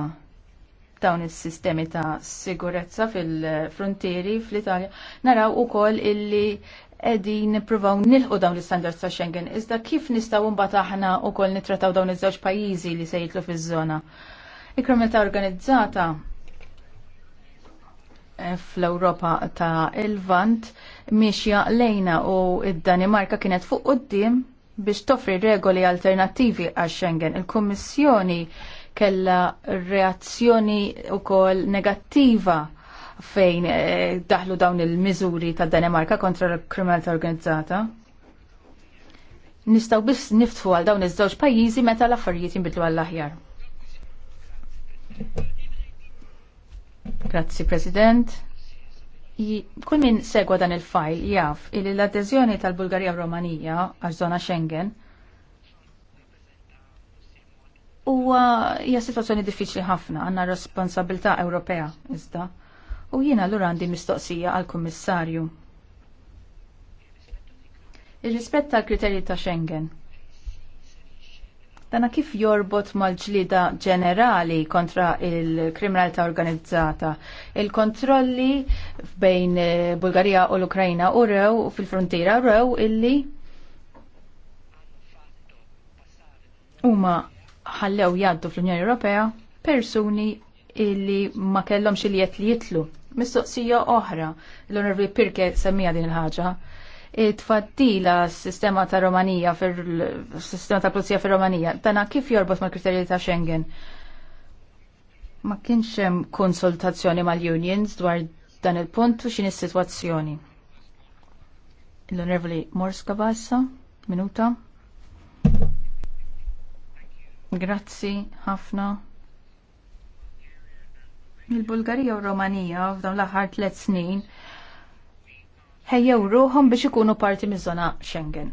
dawn is-sistemi ta' sigurezza fil-frontieri fl-Italja naraw ukoll illi qegħdin nippruvaw nilħu dawn l-istandards ta' Schengen. Iżda kif nistgħu mbagħad aħna wkoll nittrattaw dawn iż-żewġ pajjiżi li se jitlu fiż-żona. Il-kriminalità organizzata eh, fl-Ewropa ta' il-Vant mixja lejna u id-Danimarka kienet fuq quddiem biex toffri regoli alternattivi għax Schengen. Il-Kummissjoni kella reazzjoni wkoll negattiva fejn eh, daħlu dawn il-miżuri ta' Danimarka kontra l-kriminalità organizzata. Nistaw biss niftħu għal dawn iż-żewġ pajjiżi meta l-affarijiet jinbidlu għall-aħjar. Grazzi President kull min segwa dan il-fajl jaf il l adezjoni tal-Bulgarija u Romanija għaż żona Schengen huwa hija sitwazzjoni diffiċli ħafna għandna responsabilità Ewropea iżda u jiena l għandi mistoqsija għal kummissarju Ir-rispett tal-kriterji ta' Schengen Dana kif jorbot mal-ġlida ġenerali kontra il-kriminalità organizzata? Il-kontrolli bejn eh, Bulgarija u l-Ukrajna u rew fil-frontiera rew illi huma ħallew jaddu fl-Unjoni Ewropea persuni illi ma kellhomx xiljet li jitlu. Mistoqsija oħra, l onorvi Pirke semmija din il-ħaġa, tfattila s-sistema ta' Romania, s-sistema ta' polizija fir Romania, Tana kif jorbot ma' kriterji ta' Schengen? Ma kienx hemm konsultazzjoni mal-unions dwar dan il-punt u xin is-sitwazzjoni. L-Onorevoli Morska Bassa, minuta. Grazzi, ħafna. Il-Bulgarija u Romania, f'dawn l-aħħar tliet snin ħejjew ruhom biex ikunu parti miż-żona Schengen.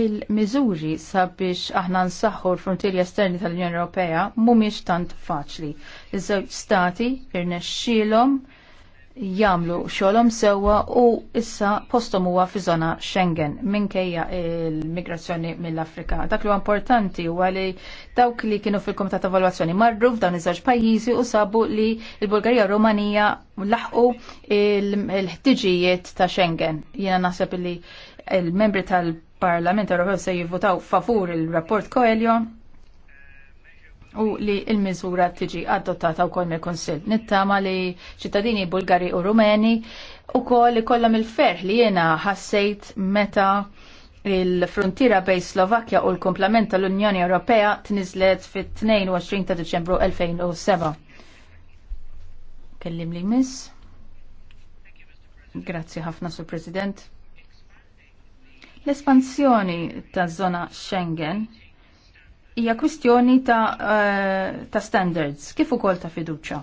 Il-miżuri sabiex aħna nsaħħu l-frontieri esterni tal-Unjoni Ewropea mhumiex tant faċli. Iż-żewġ stati irnexxielhom jagħmlu xogħolhom sewwa u issa postom huwa fi żona Schengen minkejja l-migrazzjoni mill-Afrika. Dak li huwa importanti huwa li dawk li kienu fil-Kumitat Evalwazzjoni marru f'dawn iż-żewġ pajjiżi u sabu li l-Bulgarija u Rumanija laħqu l-ħtiġijiet ta' Schengen. Jiena naħseb li l-membri tal-Parlament Ewropew se jivvotaw favur il-rapport Coelho u li il-miżura tiġi adottata u wkoll mill Nittama li ċittadini Bulgari u Rumeni li ikollhom il-ferħ li jiena ħassejt meta il-frontiera bej Slovakkja u l-komplement tal-Unjoni Ewropea tniżlet fit-22 ta' Diċembru 2007. Kellim li mis. Grazzi ħafna sur President. L-espansjoni ta' zona Schengen hija kwistjoni ta', uh, ta standards, kif ukoll ta' fiduċja.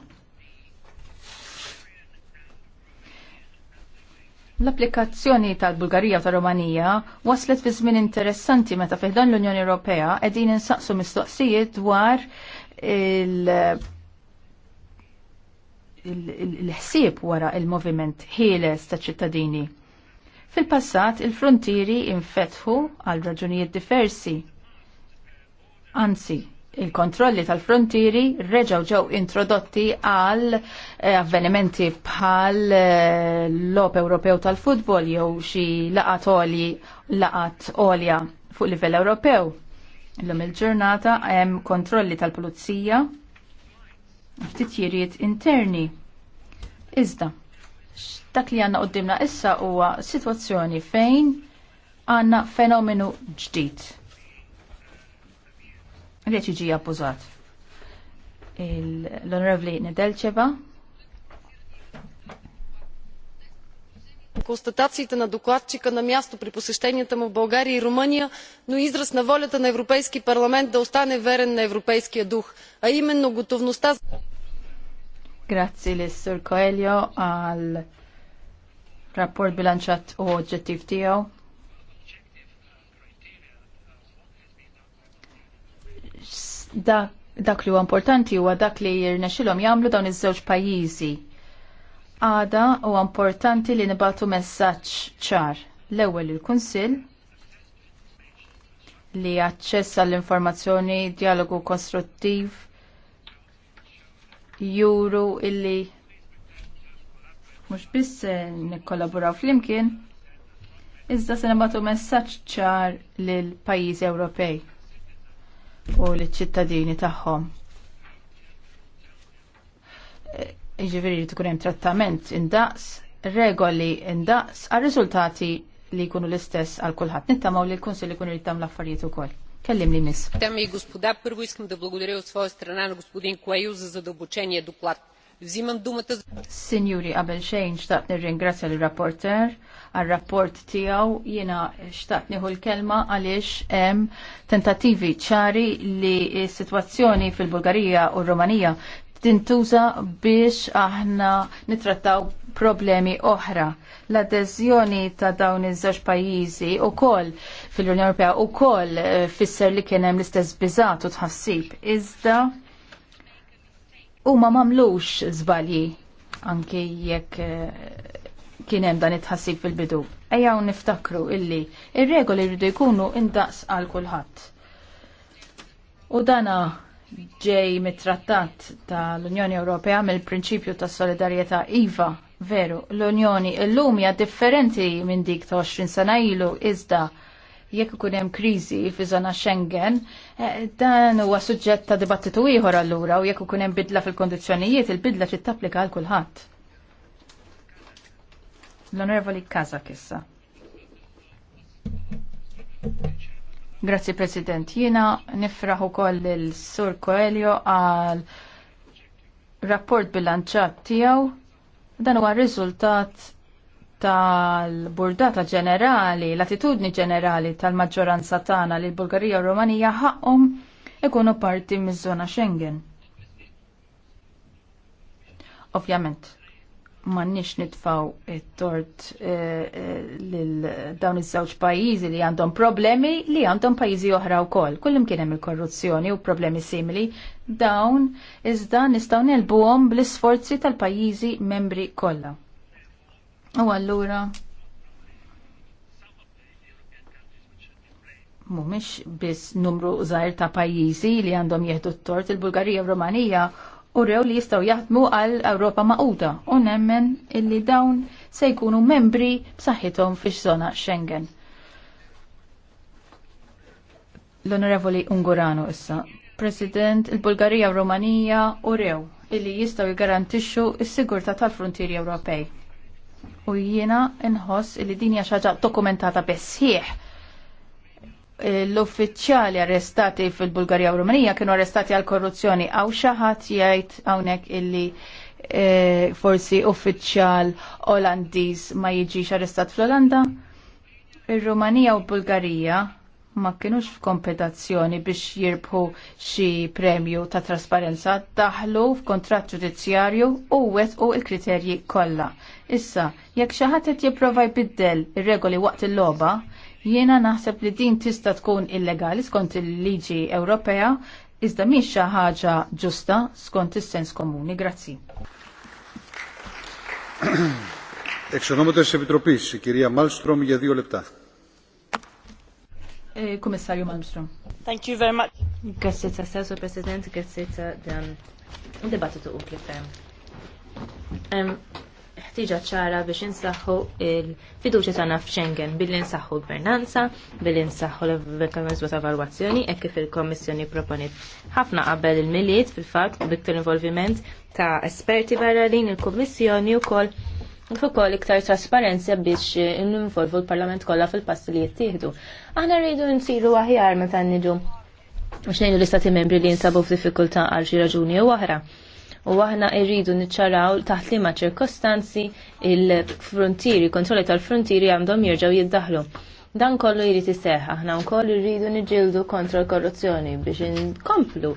L-applikazzjoni tal-Bulgarija u tal-Romanija waslet fi żmien interessanti meta dan l-Unjoni Ewropea qegħdin insaqsu mistoqsijiet dwar il- il-ħsieb wara il-moviment ħieles ta' ċittadini. Fil-passat, il-frontieri infetħu għal raġunijiet diversi Anzi, il-kontrolli tal-frontieri reġaw ġew introdotti għal eh, avvenimenti bħal eh, l-Op Ewropew tal-futbol jew xi laqat oli laqat olja fuq livell Ewropew. Illum il-ġurnata hemm kontrolli tal-pulizija ftitjiriet interni. Iżda, dak li għanna qoddimna issa huwa sitwazzjoni fejn għanna fenomenu ġdid Għalieċi ġi appużat. L-Onorevli Nedelċeva. констатациите на докладчика на място при посещенията му в България и Румъния, но израз на волята на Европейския парламент да остане верен на европейския дух, а именно готовността Grazzi l sur Coelho għal rapport bilanċat u oġġettiv tiegħu. dak dak li huwa importanti huwa dak li jirnexilhom jagħmlu dawn iż-żewġ pajjiżi. Għada huwa importanti li nibatu messaġġ ċar. L-ewwel il-Kunsill li aċċess għall informazzjoni dialogu kostruttiv juru illi mhux biss nikkollaboraw flimkien, iżda se nibatu messaġġ ċar lil pajjiżi Ewropej u l-ċittadini tagħhom. Iġifieri e, li tkun hemm trattament indaqs, regoli indaqs għal riżultati li jkunu l-istess għal kulħadd. Nittamaw li l-Kunsill ikun irid tagħmel affarijiet ukoll. Kellim li miss. Дами gospoda господа, първо искам да благодаря от своя страна на za Куайо за задълбочения доклад. Взимам думата... Сеньори Абелшейн, щатни ренграция ли рапортер, għal-rapport tijaw jina xtaqt nieħu l-kelma għaliex hemm tentativi ċari li situazzjoni fil-Bulgarija u r-Romanija tintuża biex aħna nitrattaw problemi oħra. l adezjoni ta' dawn iż-żewġ pajjiżi wkoll fil-Unjoni Ewropea wkoll eh, fisser li kien hemm l-istess biżat u tħassib. Iżda huma m'għamlux żbalji anke jekk eh, kien hemm dan it-tħassib fil-bidu. Ejja niftakru illi ir-regoli jridu jkunu indaqs għal kulħadd. U dana ġej mit-trattat tal-Unjoni Ewropea mill-prinċipju ta' solidarjetà iva veru l-Unjoni illum hija differenti minn dik ta' 20 sena ilu iżda jekk ikun hemm kriżi fi żona Schengen, eh, dan huwa suġġett ta' dibattitu ieħor allura u jekk ikun hemm bidla fil-kondizzjonijiet, il-bidla trid tapplika għal kulħadd l-Onorevoli Kazak issa. Grazzi President, jiena nifraħ ukoll il-Sur Coelho għal rapport bilanċat tiegħu dan huwa riżultat tal-burdata ġenerali, l-attitudni ġenerali tal-maġġoranza tagħna li l-Bulgarija u Rumanija ħaqhom ikunu parti miż-żona Schengen. Ovvjament, mannix nitfaw it-tort eh, eh, lil dawn iż-żewġ pajjiżi li għandhom problemi li għandhom pajjiżi oħra wkoll. Kullim kien hemm il-korruzzjoni u problemi simili dawn iżda nistgħu nelbuhom bl-isforzi tal-pajjiżi membri kollha. U allura mhumiex biss numru żgħir ta' pajjiżi li għandhom jieħdu t-tort il-Bulgarija u Rumanija u rew li jistaw jaħdmu għal Ewropa maquda u nemmen illi dawn se jkunu membri b'saħħithom fix-żona Schengen. L-Onorevoli Ungurano issa, President il-Bulgarija u Romanija u rew illi jistaw jgarantixxu s-sigurta tal-frontieri Ewropej. U jiena nħoss illi dinja xaġa dokumentata bessieħ l-uffiċjali arrestati fil-Bulgarija u Rumanija kienu arrestati għal korruzzjoni għaw xaħat jgħid hawnhekk illi e, forsi uffiċjal Olandiż ma jiġix arrestat fl-Olanda. Ir-Rumanija u Bulgarija ma kienux f'kompetazzjoni biex jirbħu xi premju ta' trasparenza daħlu f'kontratt ġudizzjarju u wet u l-kriterji kollha. Issa, jekk xi ħadd qed jipprova jbiddel ir-regoli waqt il-logħba, Jiena naħseb li din tista' tkun illegali skont il-liġi Ewropea, iżda mhix xi ħaġa ġusta skont is-sens komuni. Grazzi. Εξ ονόματο τη Επιτροπή, η κυρία Μάλστρομ για δύο λεπτά. Malmström. Thank you very much. Grazie ta' sesso, President, grazie ta' dan. Un debattito u kifem ħtiġa ċara biex insaħħu il-fiduċa tagħna f'Schengen billi nsaħħu l-gvernanza, billi nsaħħu l-mekanizmu ta' valwazzjoni hekk kif il-Kommissjoni proponiet ħafna qabel il-miliet fil-fatt biktar involviment ta' esperti barra din il-Kummissjoni wkoll Kif ukoll iktar trasparenza biex ninvolvu l-Parlament kollha fil-passi li jittieħdu. Aħna rridu nsiru aħjar meta nidu. biex ngħidu l-istati membri li jinsabu f'diffikultà għal xi raġuni u oħra u aħna irridu niċċaraw taħt liema ċirkostanzi il-frontieri, kontrolli tal-frontieri għandhom jirġaw jiddaħlu. Dan kollu jrid iseħħ, aħna wkoll irridu niġġieldu kontra l-korruzzjoni biex inkomplu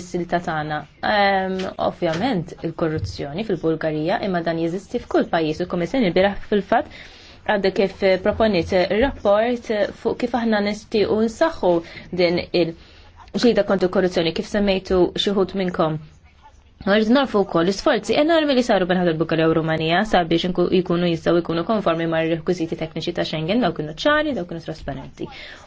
is-silta tagħna. Ehm, ovvjament il-korruzzjoni fil-Bulgarija imma dan jeżisti f'kull pajjiż u kommissjoni bieraħ fil-fatt għadda kif proponiet rapport fuq kif aħna nistiqu nsaħħu din il- xejda kontu korruzzjoni kif semmejtu xi ħud minnkom Għarriz narfu kol l-sforzi enormi li saru benħadu l-Bukarja u Rumanija sabiex jikunu jistaw jikunu konformi mar rekwiziti tekniċi ta' Schengen daw kienu ċari, daw kienu trasparenti.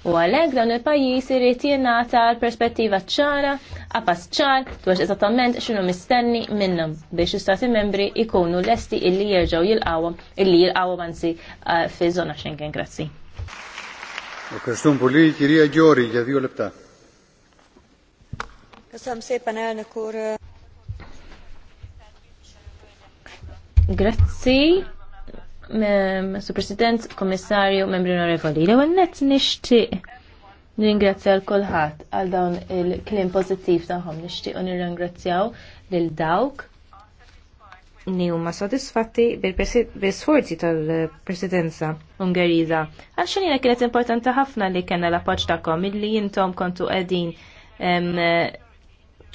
U għalek dawn il-pajis irrit jenata l-perspettiva ċara, għapas ċar, dwar eżattament xinu mistenni minnum biex istati membri ikunu l-esti illi jirġaw jil għawa illi jil għawa għansi eh, fi zona Schengen. Grazzi. U krestum puli, kirija ġori, ġavju l-ibta. Kassam sepan għana Grazzi, Mr. President, Komissarju, Membri Onorevoli. li għannet nett nixtieq nirringrazzja l kulħadd għal dawn il-klim pozittiv tagħhom. Nixtieq nirringrazzjaw lil dawk Ni huma sodisfatti bil-sforzi tal-Presidenza Ungeriża. Għal xinina kienet importanti ħafna li kellna l-appoġġ tagħkom illi intom kontu qegħdin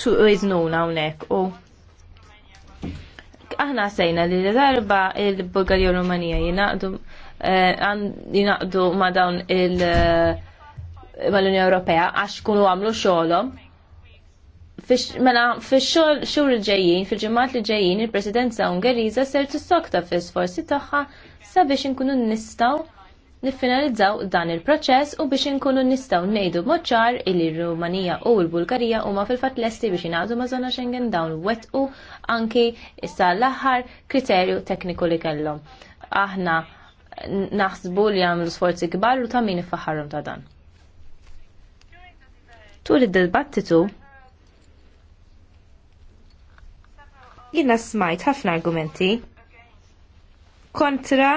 tu hawnhekk u aħna sejna li darba il-Bulgarija u Rumanija jinaqdu eh, jinaqdu ma dawn il- eh, mal-Unja Ewropea għax kunu għamlu xolom Mela fix-xogħol xhur il-ġejjin, fil ġemmat li ġejjin, il-Presidenza Ungeriża ser tissokta fis-sforzi tagħha sabiex inkunu nistgħu niffinalizzaw dan il-proċess u biex inkunu nistgħu ngħidu moċċar li r-Rumanija u l-Bulgarija huma fil-fatt lesti biex inaħdu ma' żona Schengen dawn wettqu anki issa l-aħħar kriterju tekniku li kellhom. Aħna naħsbu li għamlu sforzi kbar u ta' min ifaħarhom ta' dan. Tul id-dibattitu jina smajt ħafna argumenti kontra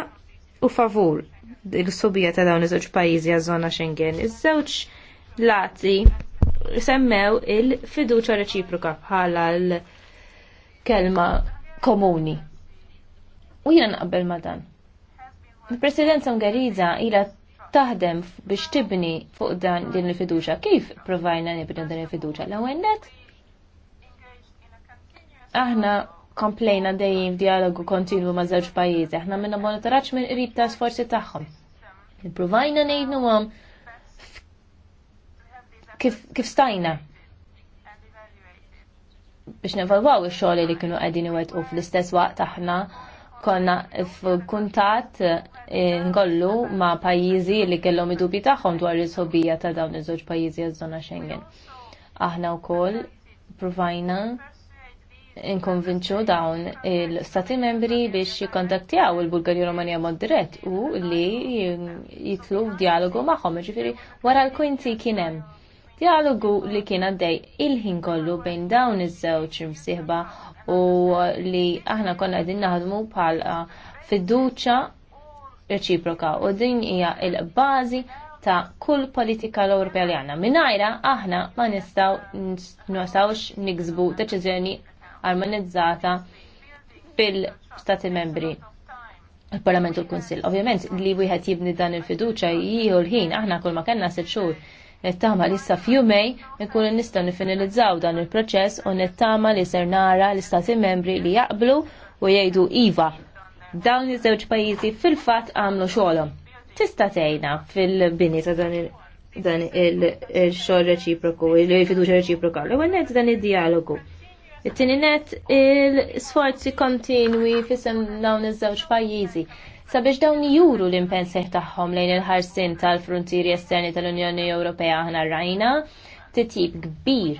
u favur il-subija ta' dawn iż-żewġ pajjiżi għaż-żona Schengen. Iż-żewġ lati semmew il-fiduċa reċiproka bħala l-kelma komuni. U jiena naqbel ma' dan. Il-Presidenza Ungeriża ilha taħdem biex tibni fuq dan din il-fiduċa. Kif provajna nibni din il-fiduċa? L-ewwel Aħna komplejna dejjem dialogu kontinwu ma' żewġ pajjiżi. Aħna minna monitoraġġ minn qrib ta' sforzi tagħhom. Ippruvajna ngħidu għam kif, stajna biex nevalwaw ix-xogħol li kienu qegħdin iwettqu fl-istess waqt aħna konna f'kuntat eh, ngollu ma' pajjiżi li kellhom id-dubji tagħhom dwar is-sobija ta' dawn iż-żewġ pajjiżi għaż-żona Schengen. Aħna wkoll provajna inkonvinċu dawn il-stati membri biex jikontaktjaw il-Bulgarija Romania mod dirett u li jitlu dialogu maħom, ġifiri wara l-kwinti kienem. Dialogu li kien għaddej il-ħin kollu bejn dawn iż-żewġ imsieħba u li aħna konna għedin naħdmu bħal fiduċa reċiproka u din hija il-bażi ta' kull politika l-Ewropea li għanna. Minajra aħna ma nistaw nistawx niksbu deċiżjoni armonizzata fil-Stati membri il-Parlament u l konsil Ovvjament li wieħed jibni dan il-fiduċa jieħu l-ħin aħna kull ma kellna sitt xhur nittama li sa fjumej nkun nistgħu nifinilizzaw dan il-proċess u nittama li ser nara l-istati membri li jaqblu u jgħidu iva dawn iż-żewġ pajjiżi fil-fatt għamlu xogħolhom. Tista' tgħidna fil-bini ta' dan il- dan il-xogħol reċiproku, il-fiduċa reċiproka, l-għennet dan id-dialogu it tini net il-sforzi kontinwi fisem dawn iż-żewġ pajjiżi sabiex dawn juru l-impenseħ tagħhom lejn il-ħarsin tal-frontieri esterni tal-Unjoni Ewropea aħna rajna titjib kbir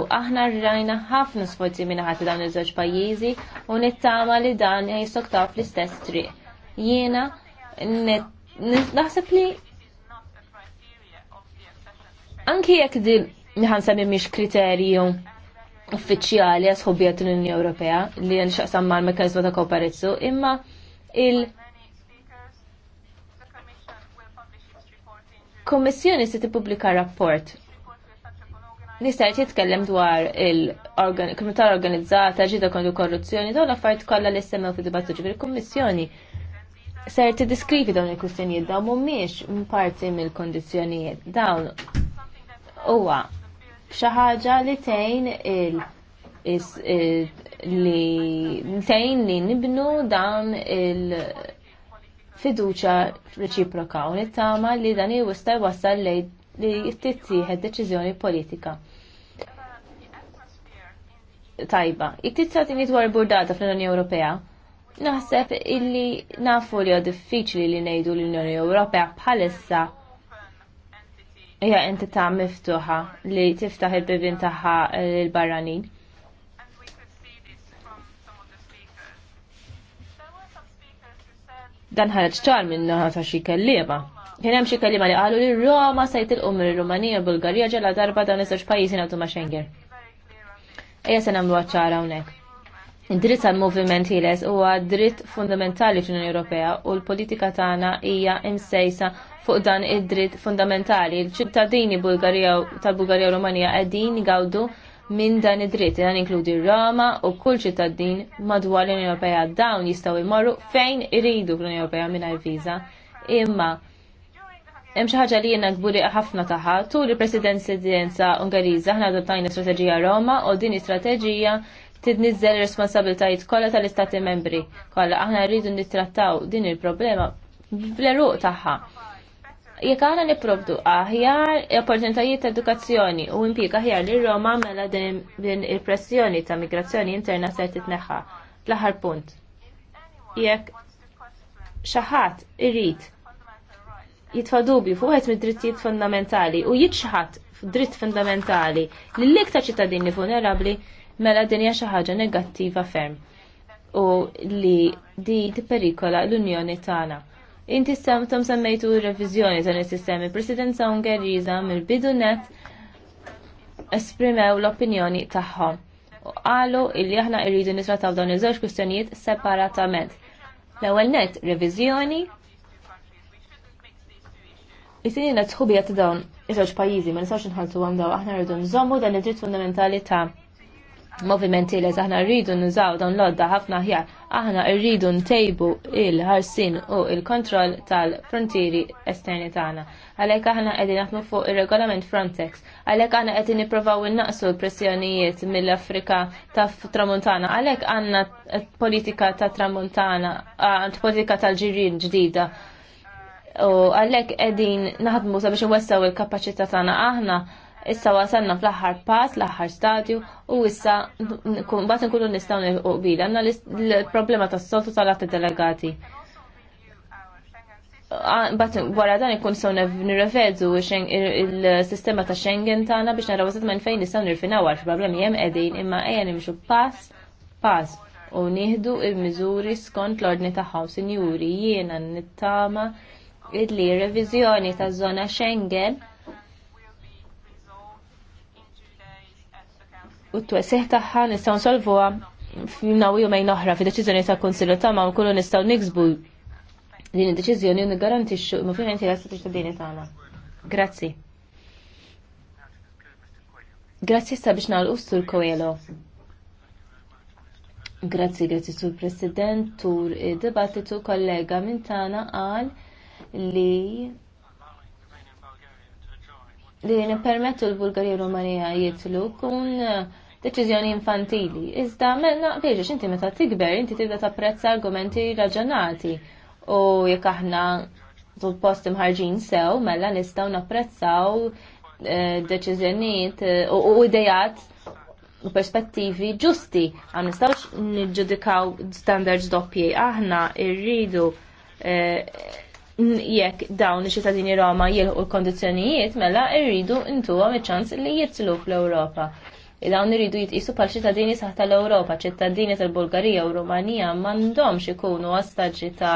u aħna rajna ħafna sforzi minn ħati dawn iż-żewġ pajjiżi u nittama li dan jistok taf fl-istess triq. Jiena naħseb li anki jekk din nħansab miex kriterju uffiċjali għasħobijiet l-Unjoni Ewropea li għan xaqsam ma' l-mekanizmu ta' kooperizzu, imma il- Kommissjoni se tippubblika rapport. Nista' jitkellem dwar il komunità organizzata, ġida kontu korruzzjoni, dawn l-affarijiet kollha li semmew fid-dibattu ġifieri kummissjoni ser tiddiskrivi dawn il kustjonijiet dawn mhumiex parti mill-kondizzjonijiet dawn huwa b'xi ħaġa li tgħin il li tgħin li nibnu dan il fiduċa reċiproka u nittama li dan jista' jwassal lejn li tittieħed deċiżjoni politika. Tajba, it-tizza timit dwar burdata fl-Unjoni Ewropea. Naħseb illi nafu li diffiċli li ngħidu l-Unjoni Ewropea bħalissa inti ta' miftuħa li tiftaħ il-bibin taħħa l-barranin. Dan ħareġ ċar minn ta' xi kelliema. Kien hemm xi kelliema li qalu li Roma se jitilqu mir-Rumanija u Bulgarija ġela darba dawn iż-żewġ pajjiżi nagħtu ma' Schengen. Ejja se nagħmlu ċara hawnhekk. Id-dritt tal moviment ħieles huwa dritt fundamentali fl-Unjoni Ewropea u l-politika tagħna hija imsejsa fuq dan id-dritt fundamentali. Il-ċittadini tal-Bulgarija u Rumanija qegħdin jgawdu minn dan id-dritt, dan inkludi Roma u kull ċittadin madwar l-Unjoni Ewropea dawn jistgħu jmorru fejn iridu l unjoni Ewropea mingħajr viża. Imma hemm xi ħaġa li jiena kburi ħafna tagħha tul il-Presidenza Ungariża aħna adottajna strateġija Roma u din istrateġija tidnizzel responsabiltajiet kollha tal-Istati membri. Kollha aħna rridu nittrattaw din il-problema fl eruq tagħha. Jekk għana niprovdu aħjar opportunitajiet ta' edukazzjoni u impjieg aħjar li Roma mela din il-pressjoni ta' migrazzjoni interna se titneħħa. L-aħħar punt. Jekk xi ħadd irid jitfa' dubju fuq qed mid-drittijiet fundamentali u jitxħat dritt fundamentali li l-iktar ċittadini vulnerabbli mela din hija xi ħaġa negattiva ferm u li di tipperikola l-Unjoni tagħna. Inti tom semmejtu revizjoni dan is-sistemi. Presidenza Ungeriża mill-bidu net esprimew l-opinjoni tagħhom. U qalu illi aħna rridu nitrataw dawn iż-żewġ kwistjonijiet separatament. L-ewwel net reviżjoni Isini netħu bija ta' dawn iż-żewġ pajjiżi ma nistgħux inħaltu daw aħna rridu nżommu dan id-dritt fundamentali ta' movimenti li aħna rridu nużaw dawn l-odda ħafna ħjar, aħna rridu ntejbu il-ħarsin u il-kontroll tal-frontieri esterni tagħna. Għalhekk aħna qegħdin naħdmu fuq ir-regolament Frontex, għalhekk aħna qegħdin nippruvaw innaqsu l-pressjonijiet mill-Afrika ta' Tramuntana, għalhekk għandna politika ta' Tramuntana, politika tal-ġirien ġdida u għalhekk qegħdin naħdmu sabiex iwessaw il-kapaċità tagħna aħna issa wasalna fl-aħħar pass, l-aħħar stadju u issa bat nkunu nistgħu nilqu qbil. għanna l-problema tas-soltu tal-att delegati. Bat wara dan ikun sew nirrevedu il-sistema ta' Schengen tagħna biex naraw eżatt minn fejn nistgħu nirfinaw għax problemi hemm qegħdin imma ejja nimxu pass pass u nieħdu il-miżuri skont l-ordni tagħhom. Sinjuri, jiena nittama li revizjoni ta' żona Schengen u t-twessiħ tagħha nistgħu nsolvuha u jumejn oħra fid deċizjoni ta' kunsillu tagħma u kullu nistgħu niksbu din id-deċiżjoni u niggarantixxu ma fejn inti lesta ċittadini tagħna. Grazzi. Grazzi sta biex nagħlqu sur Coelho. Grazzi, grazzi sur President, tur dibattitu kollega minn tana qal li li nipermettu l-Bulgarija u Rumanija jitlu kun deċiżjoni infantili. Iżda menna veġi, inti meta tikber inti tibda tapprezza argumenti raġonati u jekk aħna tul post imħarġin sew mela nistgħu napprezzaw eh, deċiżjonijiet eh, u idejat u perspettivi ġusti Għan nistawx nġudikaw standards doppji aħna irridu eh, jekk dawn iċ-ċittadini Roma jilħu l-kondizjonijiet mela irridu intu għam ċans li jitlu fl-Europa dawn iridu jitqisu bħal ċittadini saħ tal-Ewropa, ċittadini tal-Bulgarija u Rumanija m'għandhomx ikunu ostaġġi ta'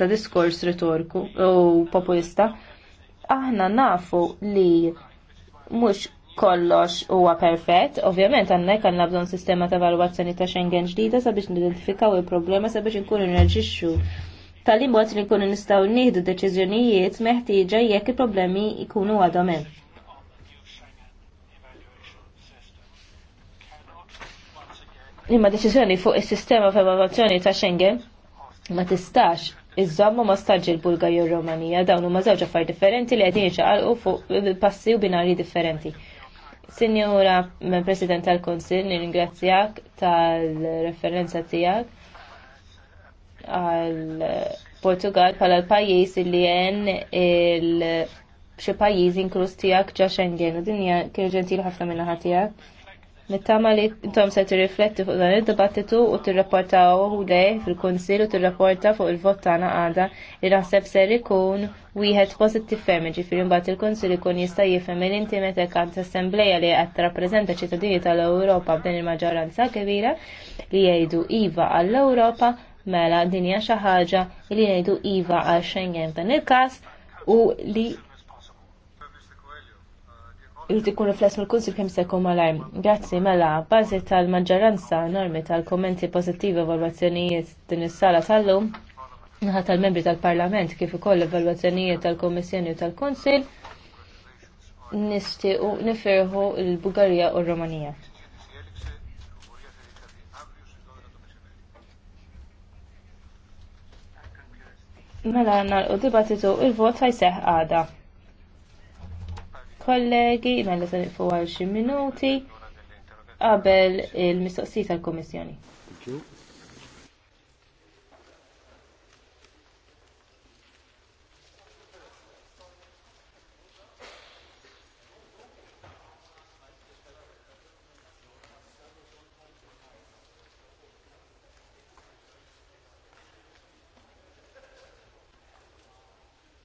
ta' diskors retorku u populista. Aħna nafu li mhux kollox huwa perfett, ovvjament għandek għandna bżonn sistema ta' valwazzjoni ta' Schengen ġdida sabiex nidentifikaw il-problema sabiex inkunu nreġixxu tal-imot li nkunu nistgħu nieħdu deċiżjonijiet meħtieġa jekk il-problemi jkunu għadhom hemm. imma deċiżjoni fuq is-sistema f'evalwazzjoni ta' Schengen ma tistax iżommu ma staġġi l-Bulga jew Romanija dawn huma żewġ affarijiet differenti li qegħdin jiċċaqalqu fuq passi u binari differenti. Sinjura President tal-Konsil, nirringrazzjak tal-referenza tiegħek għal Portugal bħala l-pajjiż li hemm il xi pajjiżi inkluż tiegħek ġa Schengen u dinja kien ġentil ħafna minn naħa tiegħek Mittama li tom se tirrifletti fuq dan id-dibattitu u tirrapportaw lej fil konsil u tirrapporta fuq il-vot tagħna għada li naħseb ser ikun wieħed pożittiv ferm ġifieri mbagħad il konsil ikun jista' jifhem li inti meta kant assembleja li qed tirrappreżenta ċittadini tal-Ewropa b'din il-maġġoranza kbira li jgħidu iva għall-Ewropa mela dinja xi ħaġa li jgħidu iva għal Schengen dan il kas u li Irrid ikun riflessu mill-Kunsil kemm se jkun malajr. Grazzi mela, bażi tal-maġġoranza enormi tal-kommenti pożittivi evalwazzjonijiet din is-sala tal-lum naħa tal-membri tal-Parlament kif ukoll evalwazzjonijiet tal kummissjoni u tal-Kunsil nistiequ nifirħu l-Bulgarija u r-Romanija. Mela l dibattitu il-vot ħajseħ għada kollegi, mella se fuq għal xi minuti qabel il-mistoqsija tal-Komissjoni.